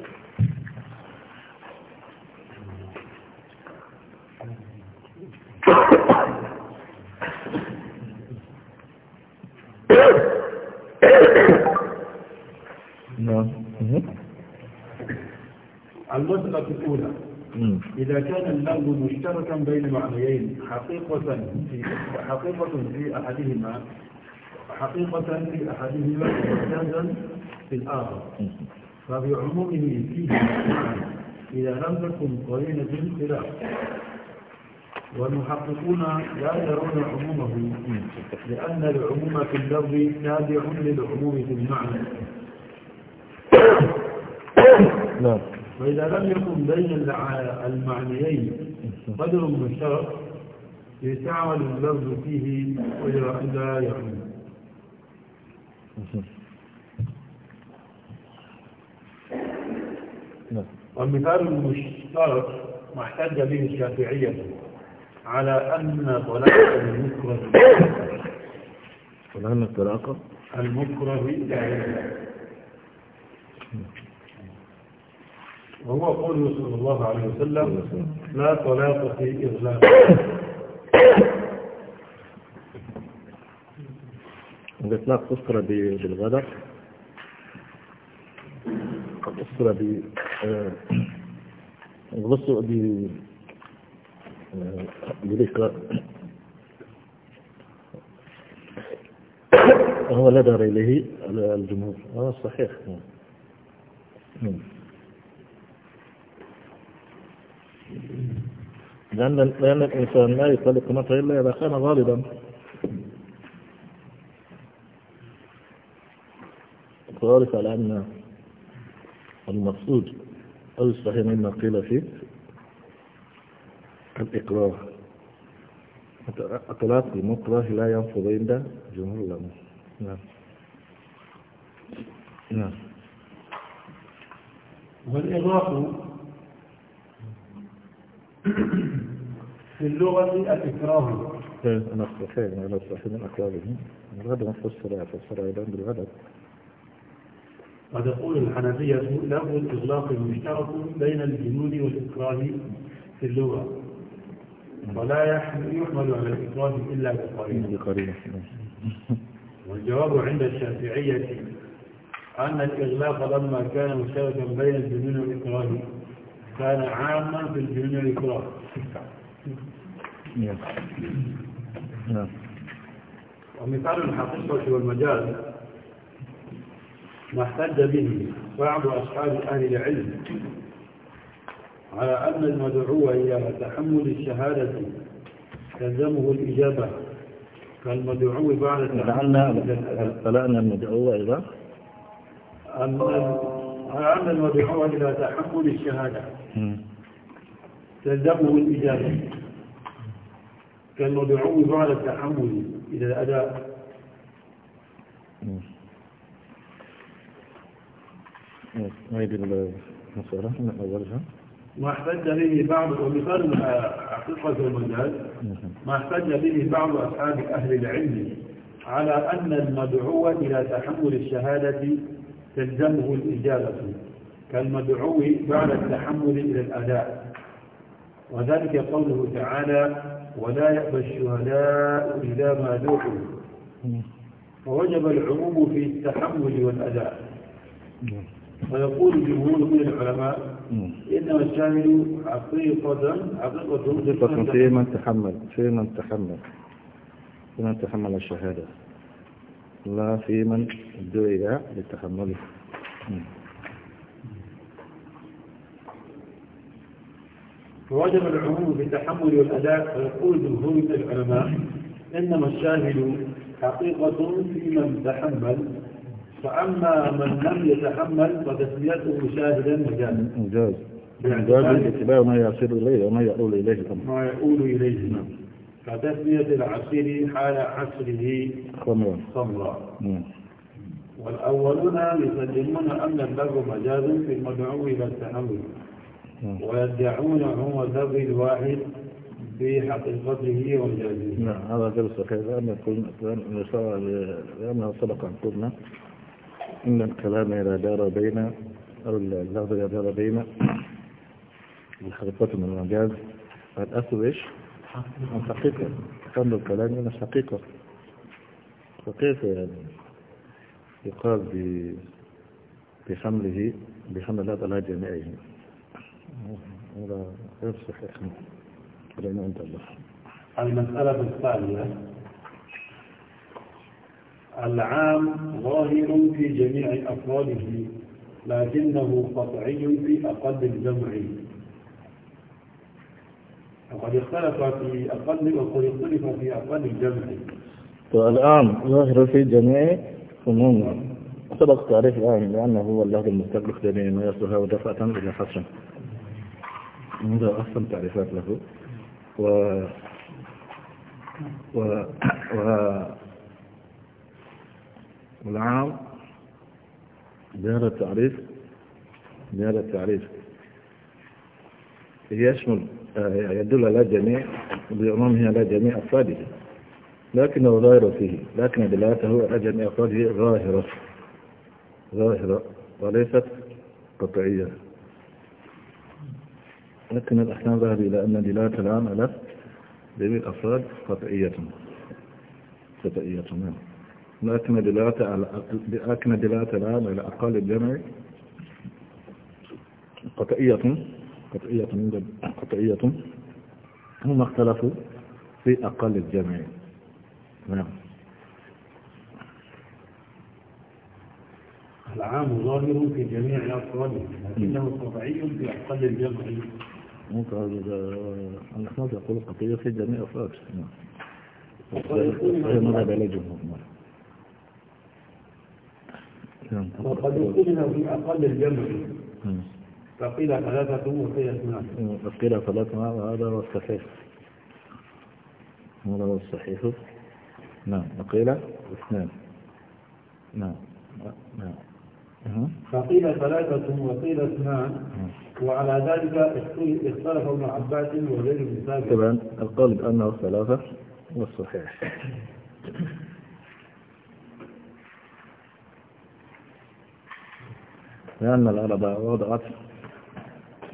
نعم المسألة الأولى إذا كان اللفظ مشتركا بين معنيين حقيقة في حقيقة في أحدهما حقيقة في أحدهما وإعجازا في الآخر فبعمومه فيه إذا لم تكن قرينة خلاف والمحققون لا يرون عمومه لأن العموم في اللفظ تابع للعموم في المعنى نعم فإذا لم يكن بين المعنيين قدر مشترك يتعمل اللفظ فيه وإلى أن لا يعمل والمثال المشترك ما احتج به الشافعية على أن طلاق المكره طلاق المكره المكره وهو قوله صلى الله عليه وسلم لا طلاق في إغلاق الإطلاق أسر بالغدر أسر ب الغصر آه، ب آه، بذكرى هو لا دار إليه الجمهور آه صحيح نعم. نعم. لأن لأن الإنسان لا يطلق متى إلا إذا كان غالبا وذلك على أن المقصود أو الصحيح مما قيل فيه الإقرار أطلاق المكره لا ينفض عند جمهور العلماء نعم نعم والإغراق في اللغة الإكراه إيه، أنا أستحيل أنا أستحيل من أكرامه الغد مفسر فسر إلى بالغد قد يقول الحنفية له الإغلاق المشترك بين الجنود والإكراه في اللغة ولا يحمل على الإكراه إلا بقرينة بقرينة والجواب عند الشافعية أن الإغلاق لما كان مشتركا بين الجنود والإكراه كان عاما في الجميع الكرة ومثال الحقيقة والمجال ما احتج به بعض أصحاب أهل العلم على أن المدعو إلى تحمل الشهادة تلزمه الإجابة فالمدعو بعد لعل لعل إذا أن فعمل ودعوه إلى تحمل الشهادة تلزمه الإجابة كان ودعوه بعد التحمل إلى الأداء هذه المسألة من أولها ما احتج به بعض ومثال حقيقة المجال ما احتج به بعض أصحاب أهل العلم على أن المدعو إلى تحمل الشهادة تلزمه الإجابة كالمدعو بعد التحمل إلى الأداء وذلك قوله تعالى ولا يأبى الشهداء إذا ما دعوا فوجب العموم في التحمل والأداء ويقول جمهور من العلماء إنما الشامل حقيقة حقيقة في من تحمل في من تحمل في من تحمل الشهادة لا في من دعي لتحمله وجب العموم في التحمل والأداء ويقول جمهور العلماء إنما الشاهد حقيقة في من تحمل فأما من لم يتحمل فتسميته شاهدا مجانا مجاز يعني مجاز باتباع ما يصير إليه وما يقول إليه الأمر ما يقول إليه نعم كتسمية العسير حال عسره خمرا خمرا نعم. والأولون يسلمون أن الباب مجاز في المدعو إلى التحول نعم. ويدعون هو اللغو الواحد في حقيقته ومجازه نعم هذا غير صحيح لأن لأنه سبق أن قلنا إن الكلام إذا دار بين أو اللفظ إذا دار بين الحقيقة من المجاز الأصل إيش؟ من شقيقه خلوا الكلام من حقيقة فكيف يعني يقال بحمله بحمل هذا على جميعهم هذا غير صحيح كلام عند الله المسألة الثانية العام ظاهر في جميع أفراده لكنه قطعي في أقل الجمع وقد اختلف في أقل وقد اختلف في أقل الجمع والآن ظاهر في جميع فنون سبق تعريف الآن لأنه هو اللفظ المستقلق الذي هذا ودفعة إلى حسن هذا أحسن تعريفات له و و و والعام بهذا التعريف بهذا التعريف يشمل يدل على جميع بأمامها على جميع أفراده لكنه ظاهر فيه لكن دلالته على جميع أفراده ظاهرة ظاهرة وليست قطعية لكن الأحكام ذهب إلى أن دلالة العام على جميع الأفراد قطعية قطعية نعم لكن دلالة على لكن دلالة العام على أقل الجمع قطعية قطعية قطعية هم اختلفوا في أقل الجمع نعم العام ظاهر في جميع أفراده لكنه قطعي في أقل الجمع ممكن الأحمد يقول قطعية في جميع أفراده نعم. نعم. نعم وقد ماذا وقد يكون في أقل الجمع نعم. فقيل ثلاثة وقيل اثنان فقيل ثلاثة وهذا هو الصحيح هذا هو الصحيح نعم وقيل اثنان نعم،, نعم نعم فقيل ثلاثة وقيل اثنان وعلى ذلك اختلف ابن عباس وغير ابن ثابت طبعا القول بأنه ثلاثة والصحيح لأن الأربعة وضعت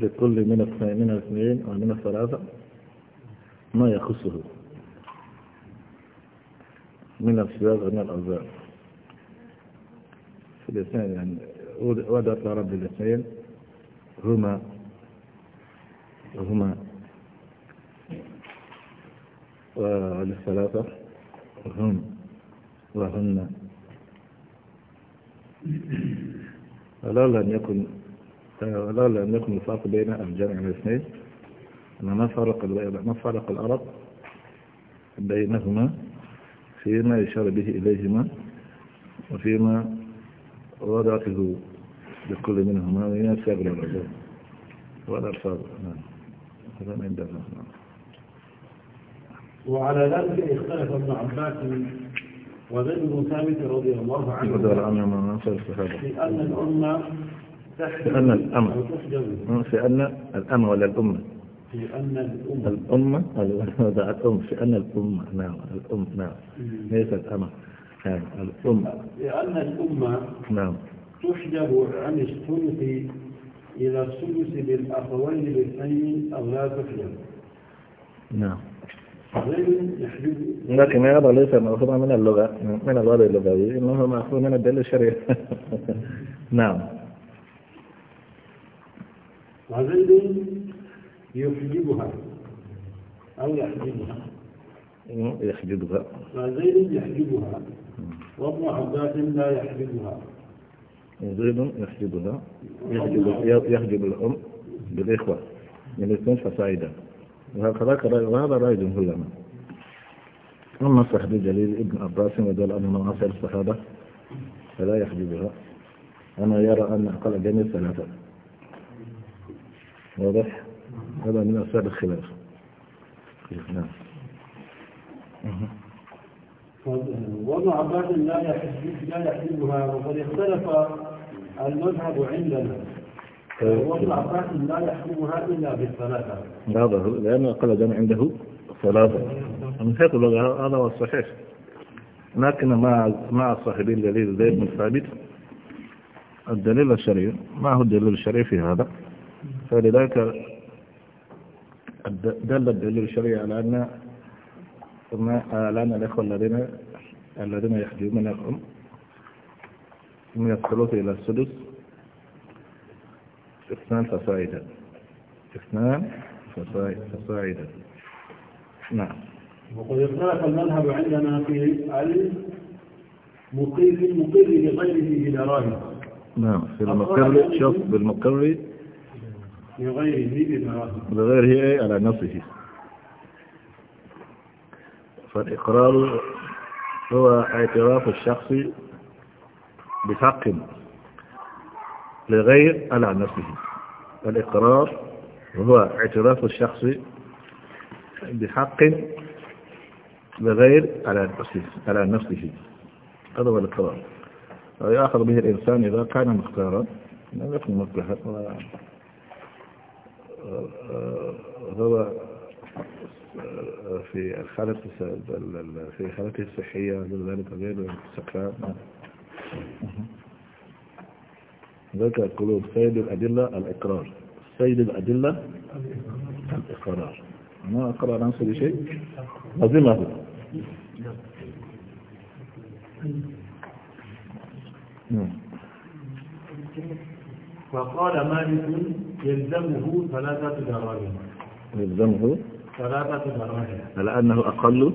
لكل من من الاثنين أو من الثلاثة ما يخصه من الشباب ومن الأوزان في الاثنين يعني ودعت رب الاثنين هما هما الثلاثة هم وهن ألا لن يكن لا لم يكن الفرق بين الجمع الاثنين ما فرق ما فرق العرب بينهما فيما يشار به إليهما وفيما وضعته لكل منهما من السبب والعذاب والألفاظ نعم هذا ما يندفع نعم. وعلى ذلك اختلف ابن عباس وزيد بن ثابت رضي الله عنه نعم، في أن الأمة في أن الأمة أمم، في أن الأمة ولا الأمة في أن الأمة الأمة الأم في أن الأمة نعم الأم نعم ليس الأمة نعم, نعم، الأمة لأن الأمة نعم تحجب عن الثلث إلى الثلث بالأخوين الاثنين أو لا تحجب نعم لكن هذا ليس مأخوذا من اللغة من الوضع اللغوي إنه مأخوذ من الدليل الشرعي نعم وظل يحجبها أو يحجبها يحجبها وظل يحجبها وابن عباس لا يحجبها زيد يحجبها يحجب, يحجب الأم بالإخوة من يعني الاثنين فصاعدا وهكذا وهذا رأي العلماء أما صحبي جليل ابن عباس وقال أن من أصل الصحابة فلا يحجبها أنا يرى أن أقل جميع ثلاثة واضح هذا من أسباب الخلاف طيب، نعم طيب، وضع بعض لا يحل لا وقد اختلف المذهب عندنا طيب. وضع بعض لا يحلها إلا بالثلاثة هذا لأن جمع عنده ثلاثة من المثال هذا هو الصحيح لكن مع مع صاحبي الدليل زيد بن ثابت الدليل الشرعي ما هو الدليل الشرعي في هذا؟ فلذلك دل الدليل الشرعي على أن الآن الإخوة الذين الذين يحجبون الأم من الثلث إلى السدس اثنان فصاعدا اثنان فصاعدا نعم وقد اختلف المذهب عندنا في المقيم المقر لغيره إلى راهب نعم في المقر شوف بالمقر بغيره ببراهين أي على نفسه فالإقرار هو اعتراف الشخص بحق لغير على نفسه الإقرار هو اعتراف الشخص بحق لغير على نفسه على نفسه هذا هو الإقرار ويأخذ به الإنسان إذا كان مختارا لا يكون مصلحة هو في حالة في حالته الصحية من ذلك غير السكران ذلك القلوب سيد الأدلة الإقرار سيد الأدلة الإقرار ما أقرار أنسى بشيء أظمه نعم. وقال مالك يلزمه ثلاثة دراهم يلزمه ثلاثة دراهم على أنه أقل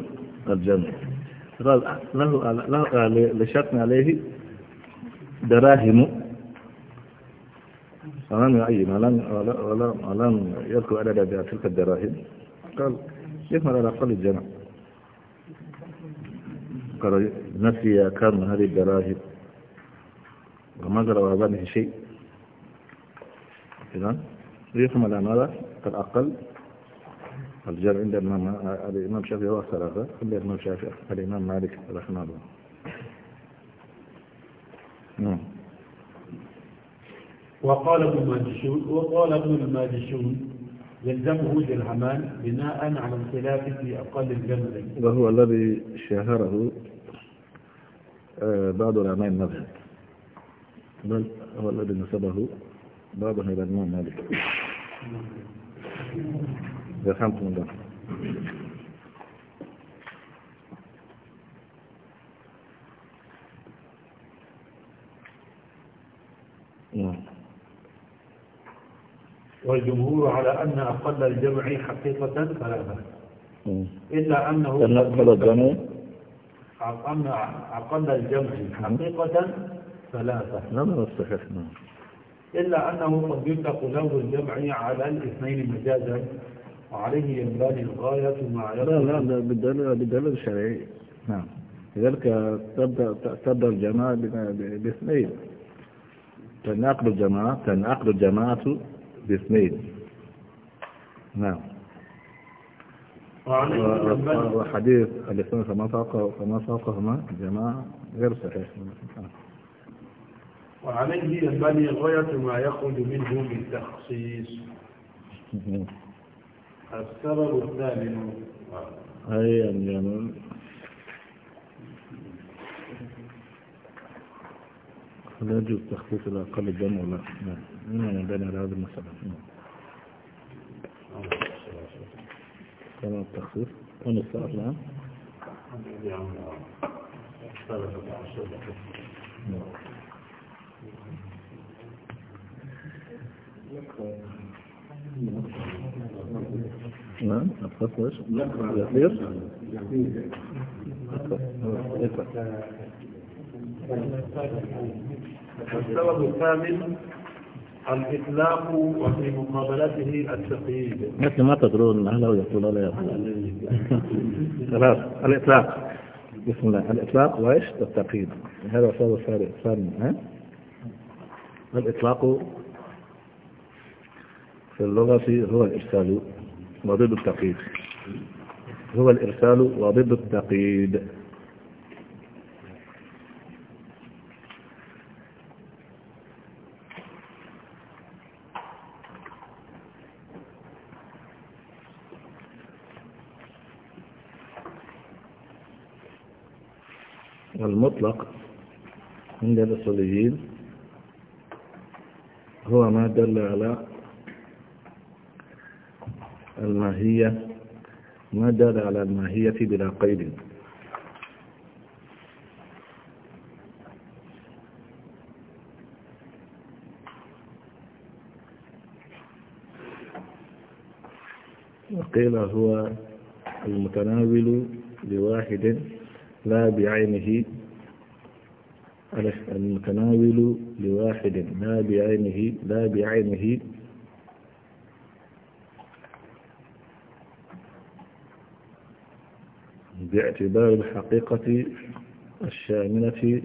الجمع قال له, له لشرطنا عليه دراهم ولم يعين ولم ولم ولم يذكر عدد تلك الدراهم قال يثمر على أقل الجمع قال نسي كم هذه الدراهم وما ذكر شيء إذا يحمل على ماذا؟ الأقل الجر عند الإمام الإمام الشافعي هو ثلاثة عند الإمام الشافعي الإمام مالك رحمه الله نعم وقال ابن ماجشون وقال ابن الماجشون يلزمه درهمان بناء على الخلاف في أقل الجمل وهو الذي شهره آه، بعض علماء المذهب بل هو الذي نسبه باب هذا الإمام مالك رحمكم الله نعم. والجمهور على أن أقل الجمع حقيقة ثلاثة إلا أنه أن أقل الجمع أقل الجمع حقيقة ثلاثة نعم صحيح نعم إلا أنه قد يطلق لفظ الجمع على الاثنين مجازا وعليه ينبغي الغاية مع لا لا لا بالدليل بالدليل الشرعي نعم لذلك تبدأ تبدأ الجماعة باثنين تنعقد الجماعة تنعقد الجماعة باثنين نعم وحديث الاثنين فما فوقهما جماعة غير صحيح نعم. وعليه ينبني غاية ما يخرج منه من تخصيص السبب الثامن هيا الجمل لا يجوز تخصيص الأقل الدم ولا نعم ينبني على هذا المسألة تمام التخصيص وين السؤال الآن؟ Thank you. نعم أبخص وش يطير السبب الثامن الإطلاق وفي مقابلته التقييد لكن ما تدرون هل هو يقول ولا يقول خلاص الإطلاق بسم الله الإطلاق وإيش التقييد هذا السبب الثاني ها الإطلاق في اللغة هو الإرسال وضد التقييد هو الإرسال وضد التقييد المطلق عند الأصوليين هو ما دل على الماهية ما دل على الماهية بلا قيد وقيل هو المتناول لواحد لا بعينه المتناول لواحد لا بعينه لا بعينه باعتبار الحقيقة الشاملة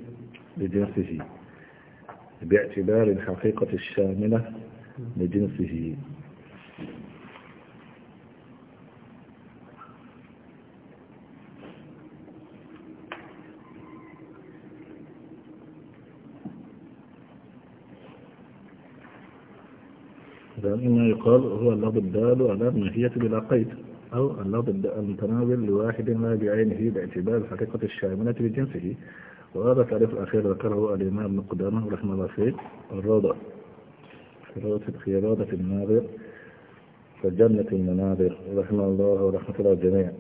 لجنسه باعتبار الحقيقة الشاملة لجنسه لأنه يقال هو اللفظ الدال على ماهية بلا قيد أو النظر المتناول لواحد ما بعينه باعتبار الحقيقة الشاملة لجنسه وهذا التعريف الأخير ذكره الإمام ابن قدامة رحمه الله في الروضة في روضة الناظر فجنة المناظر رحمه الله ورحمة الله الجميع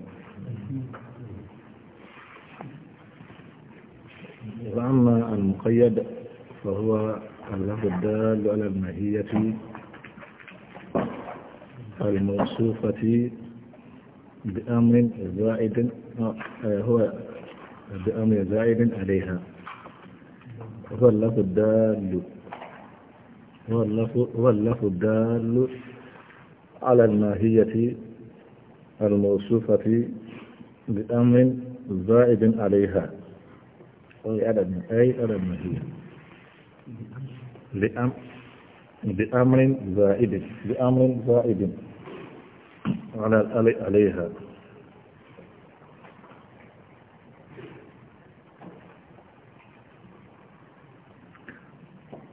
وأما المقيد فهو اللفظ الدال على الماهية الموصوفة biamrin zaidin eh, huwa biamrin zaidin alayha huwa lafu dalu huwa lafu dalu ala almahiyati almausufati biamrin zaidin alayha ay ala lmahiya biamrin zaidin biamrin zaidin على الألي عليها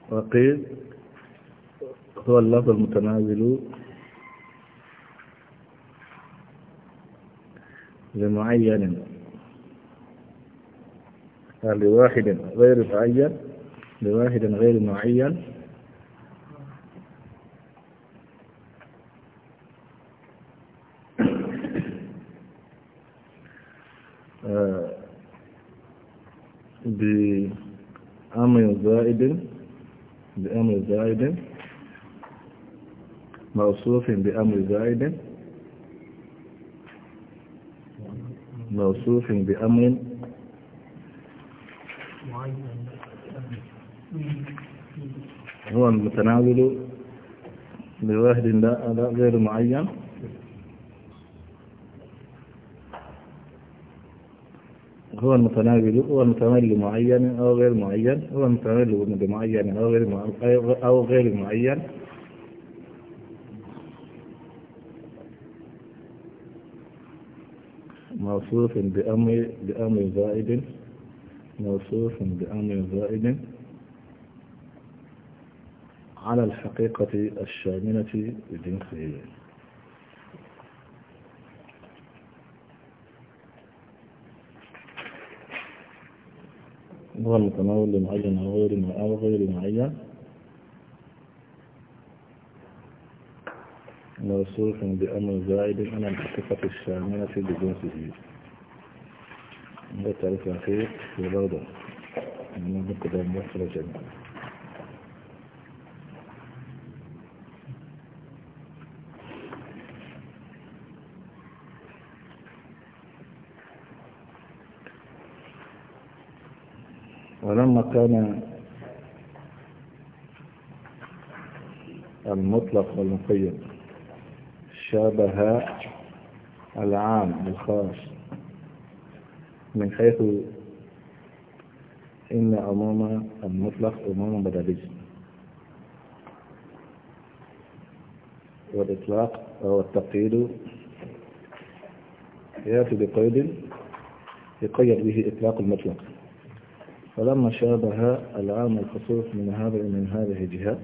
وقيل هو اللفظ المتنازل لمعين لواحد غير معين لواحد غير معين بأمر زائد بأمر زائد موصوف بأمر زائد موصوف بأمر هو المتناول لواحد لا غير معين هو المتناول هو المتناول لمعين أو غير معين هو المتناول لمعين أو غير أو غير معين موصوف بأمر بأمر زائد موصوف بأمر زائد على الحقيقة الشاملة لجنسه هو المتناول لمعين أو غير أو غير معين موصوف بأمر زائد عن الحقيقة الشاملة بجنسه هذا التعريف الأخير في الروضة من ذكر مخرجا ولما كان المطلق والمقيد شابه العام الخاص من حيث إن أمام المطلق أمام بدلي والإطلاق أو التقييد يأتي بقيد يقيد به إطلاق المطلق فلما شابه العام الخصوص من هذا من هذه الجهة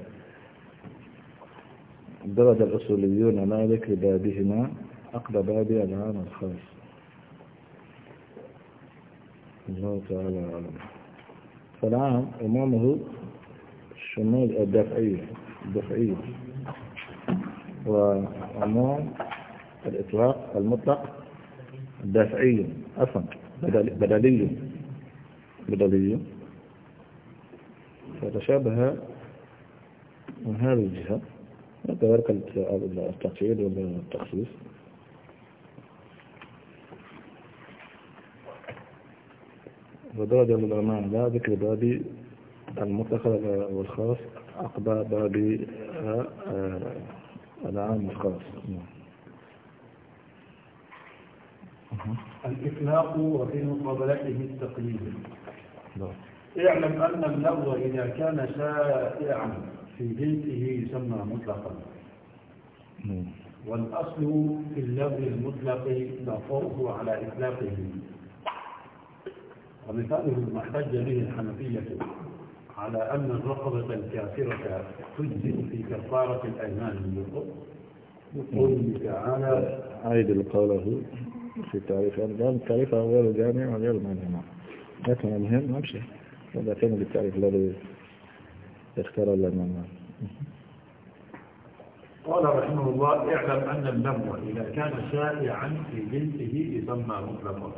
درج الأصوليون مالك لبابهما أقل باب العام الخاص الله تعالى أعلم فالعام أمامه الشمول الدفعية الدفعية وعموم الإطلاق المطلق الدافعي أصلا بدلي بدلية فتشابه من هذه الجهة كذلك التقييد والتخصيص ودرجة العلماء لا ذكر باب المتخل آه، والخاص أقبى باب العام والخاص الإطلاق وفي مقابلته التقليد اعلم نعم. أن اللغو إذا كان شائعا في بيته يسمى مطلقا نعم. والأصل في اللغو المطلق نفوه على إطلاقه ومثاله ما احتج به الحنفية على أن الرقبة الكافرة تجزئ في كفارة الأيمان قوله تعالى عيد قوله في تعريف الجامع تعريف أول جامع وغير مجمع لكن يعني المهم أمشي هذا كان بالتعريف الذي اختار لنا قال رحمه الله اعلم أن اللموة إذا كان شائعا في جنسه يسمى مطلقا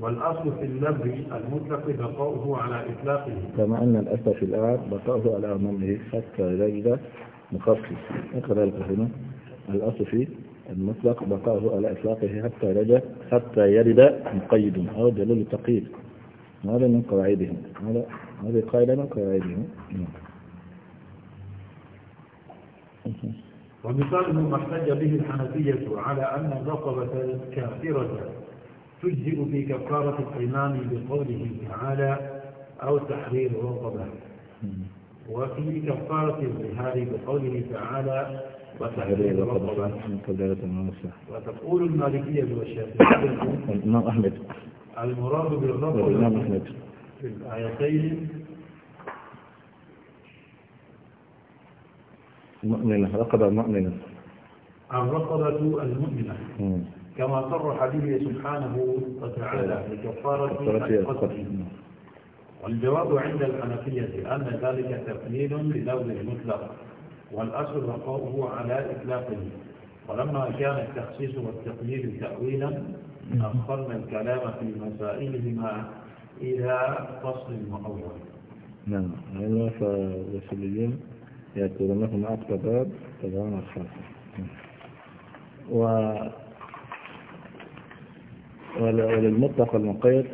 والأصل في اللمو المطلق بقاؤه على إطلاقه كما أن الأصل في الآن بقاؤه على عمومه حتى يجد مخصص اقرأ إيه القهنة الأصل فيه المطلق بقاه على إطلاقه حتى رجع حتى يرد مقيد أو دليل التقييد هذا من قواعدهم هذا هذه قاعدة من قواعدهم نعم. ومثاله ما احتج به الحنفية على أن الرقبة كافرة تجزئ في كفارة الإيمان بقوله تعالى أو تحرير رقبة نعم. وفي كفارة الظهار بقوله تعالى وتقول المالكية والشافعية الإمام أحمد المراد بالرفع الإمام أحمد في الآيتين المؤمنة رقبة المؤمنة الرقبة المؤمنة كما صرح به سبحانه وتعالى لكفارة القتل والجواب عند الحنفية أن ذلك تقليل للوز المطلق والأصل بقاؤه على إطلاقه ولما كان التخصيص والتقييد تأويلا أخرنا الكلام في مسائلهما إلى فصل مؤول نعم هنا فالوسيليين يأتون لهم أكثر باب طبعا الخاصة و وللمطلق والمقيد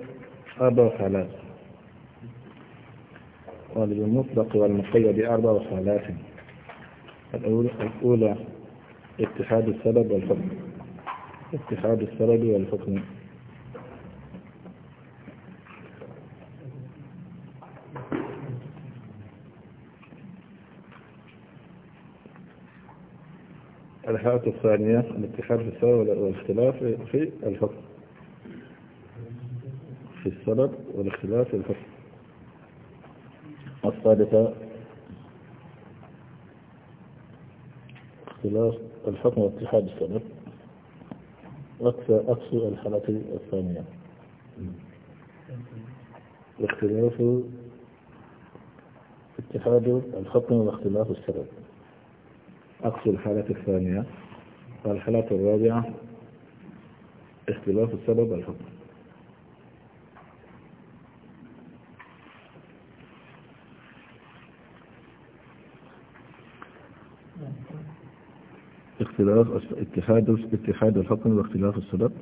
أربع وثلاث وللمطلق والمقيد أربع وثلاث الأولى اتحاد السبب والحكم اتحاد السبب والحكم الحالة الثانية الاتحاد في السبب والاختلاف في الحكم في السبب والاختلاف في الحكم الثالثة اختلاف الحكم واتحاد السبب أقصى الحالات الثانية اختلاف اتحاد الحكم واختلاف السبب أقصى الحالات الثانية الحالات الرابعة اختلاف السبب الحكم اختلاف اتحاد اتحاد الحكم واختلاف السبب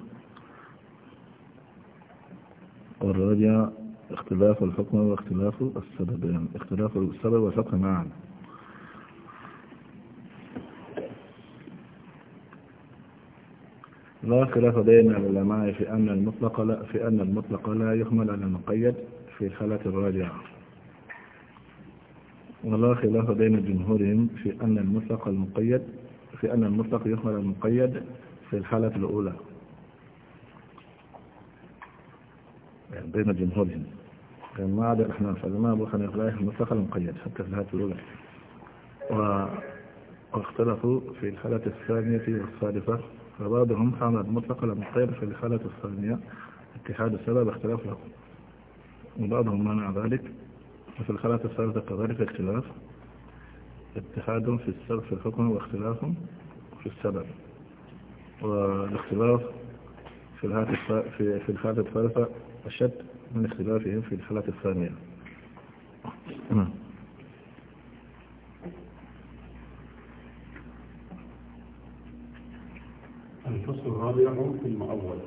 والرابع اختلاف الحكم واختلاف السبب يعني اختلاف السبب والحكم معا لا خلاف بين العلماء في أن المطلق لا في أن المطلق لا يحمل على المقيد في الحالة الراجعة ولا خلاف بين جمهورهم في أن المطلق المقيد في أن المطلق يخمل المقيد في الحالة الأولى يعني بين جمهورهم يعني ما عدا الأحناف فلما أبو حنيفة لا يخمل المطلق المقيد حتى في الحالة الأولى واختلفوا في الحالة الثانية والثالثة فبعضهم حمل المطلق المقيد في الحالة الثانية اتحاد السبب اختلاف لهم وبعضهم منع ذلك وفي الحالة الثالثة كذلك اختلاف اتحاد في السبب في الحكم واختلاف في السبب والاختلاف في الحالة في في الحالة الثالثة أشد من اختلافهم في الحالة الثانية الفصل الرابع في المعول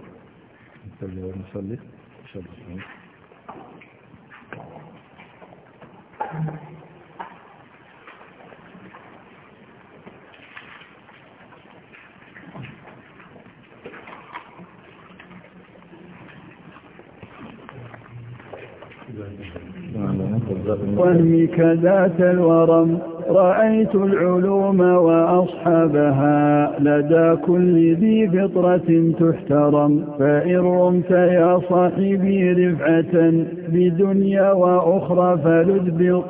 نصلي ونصلي إن شاء الله وهمك ذات الورم رأيت العلوم وأصحابها لدى كل ذي فطرة تحترم فإن رمت يا صاحبي رفعة بدنيا وأخرى فلذ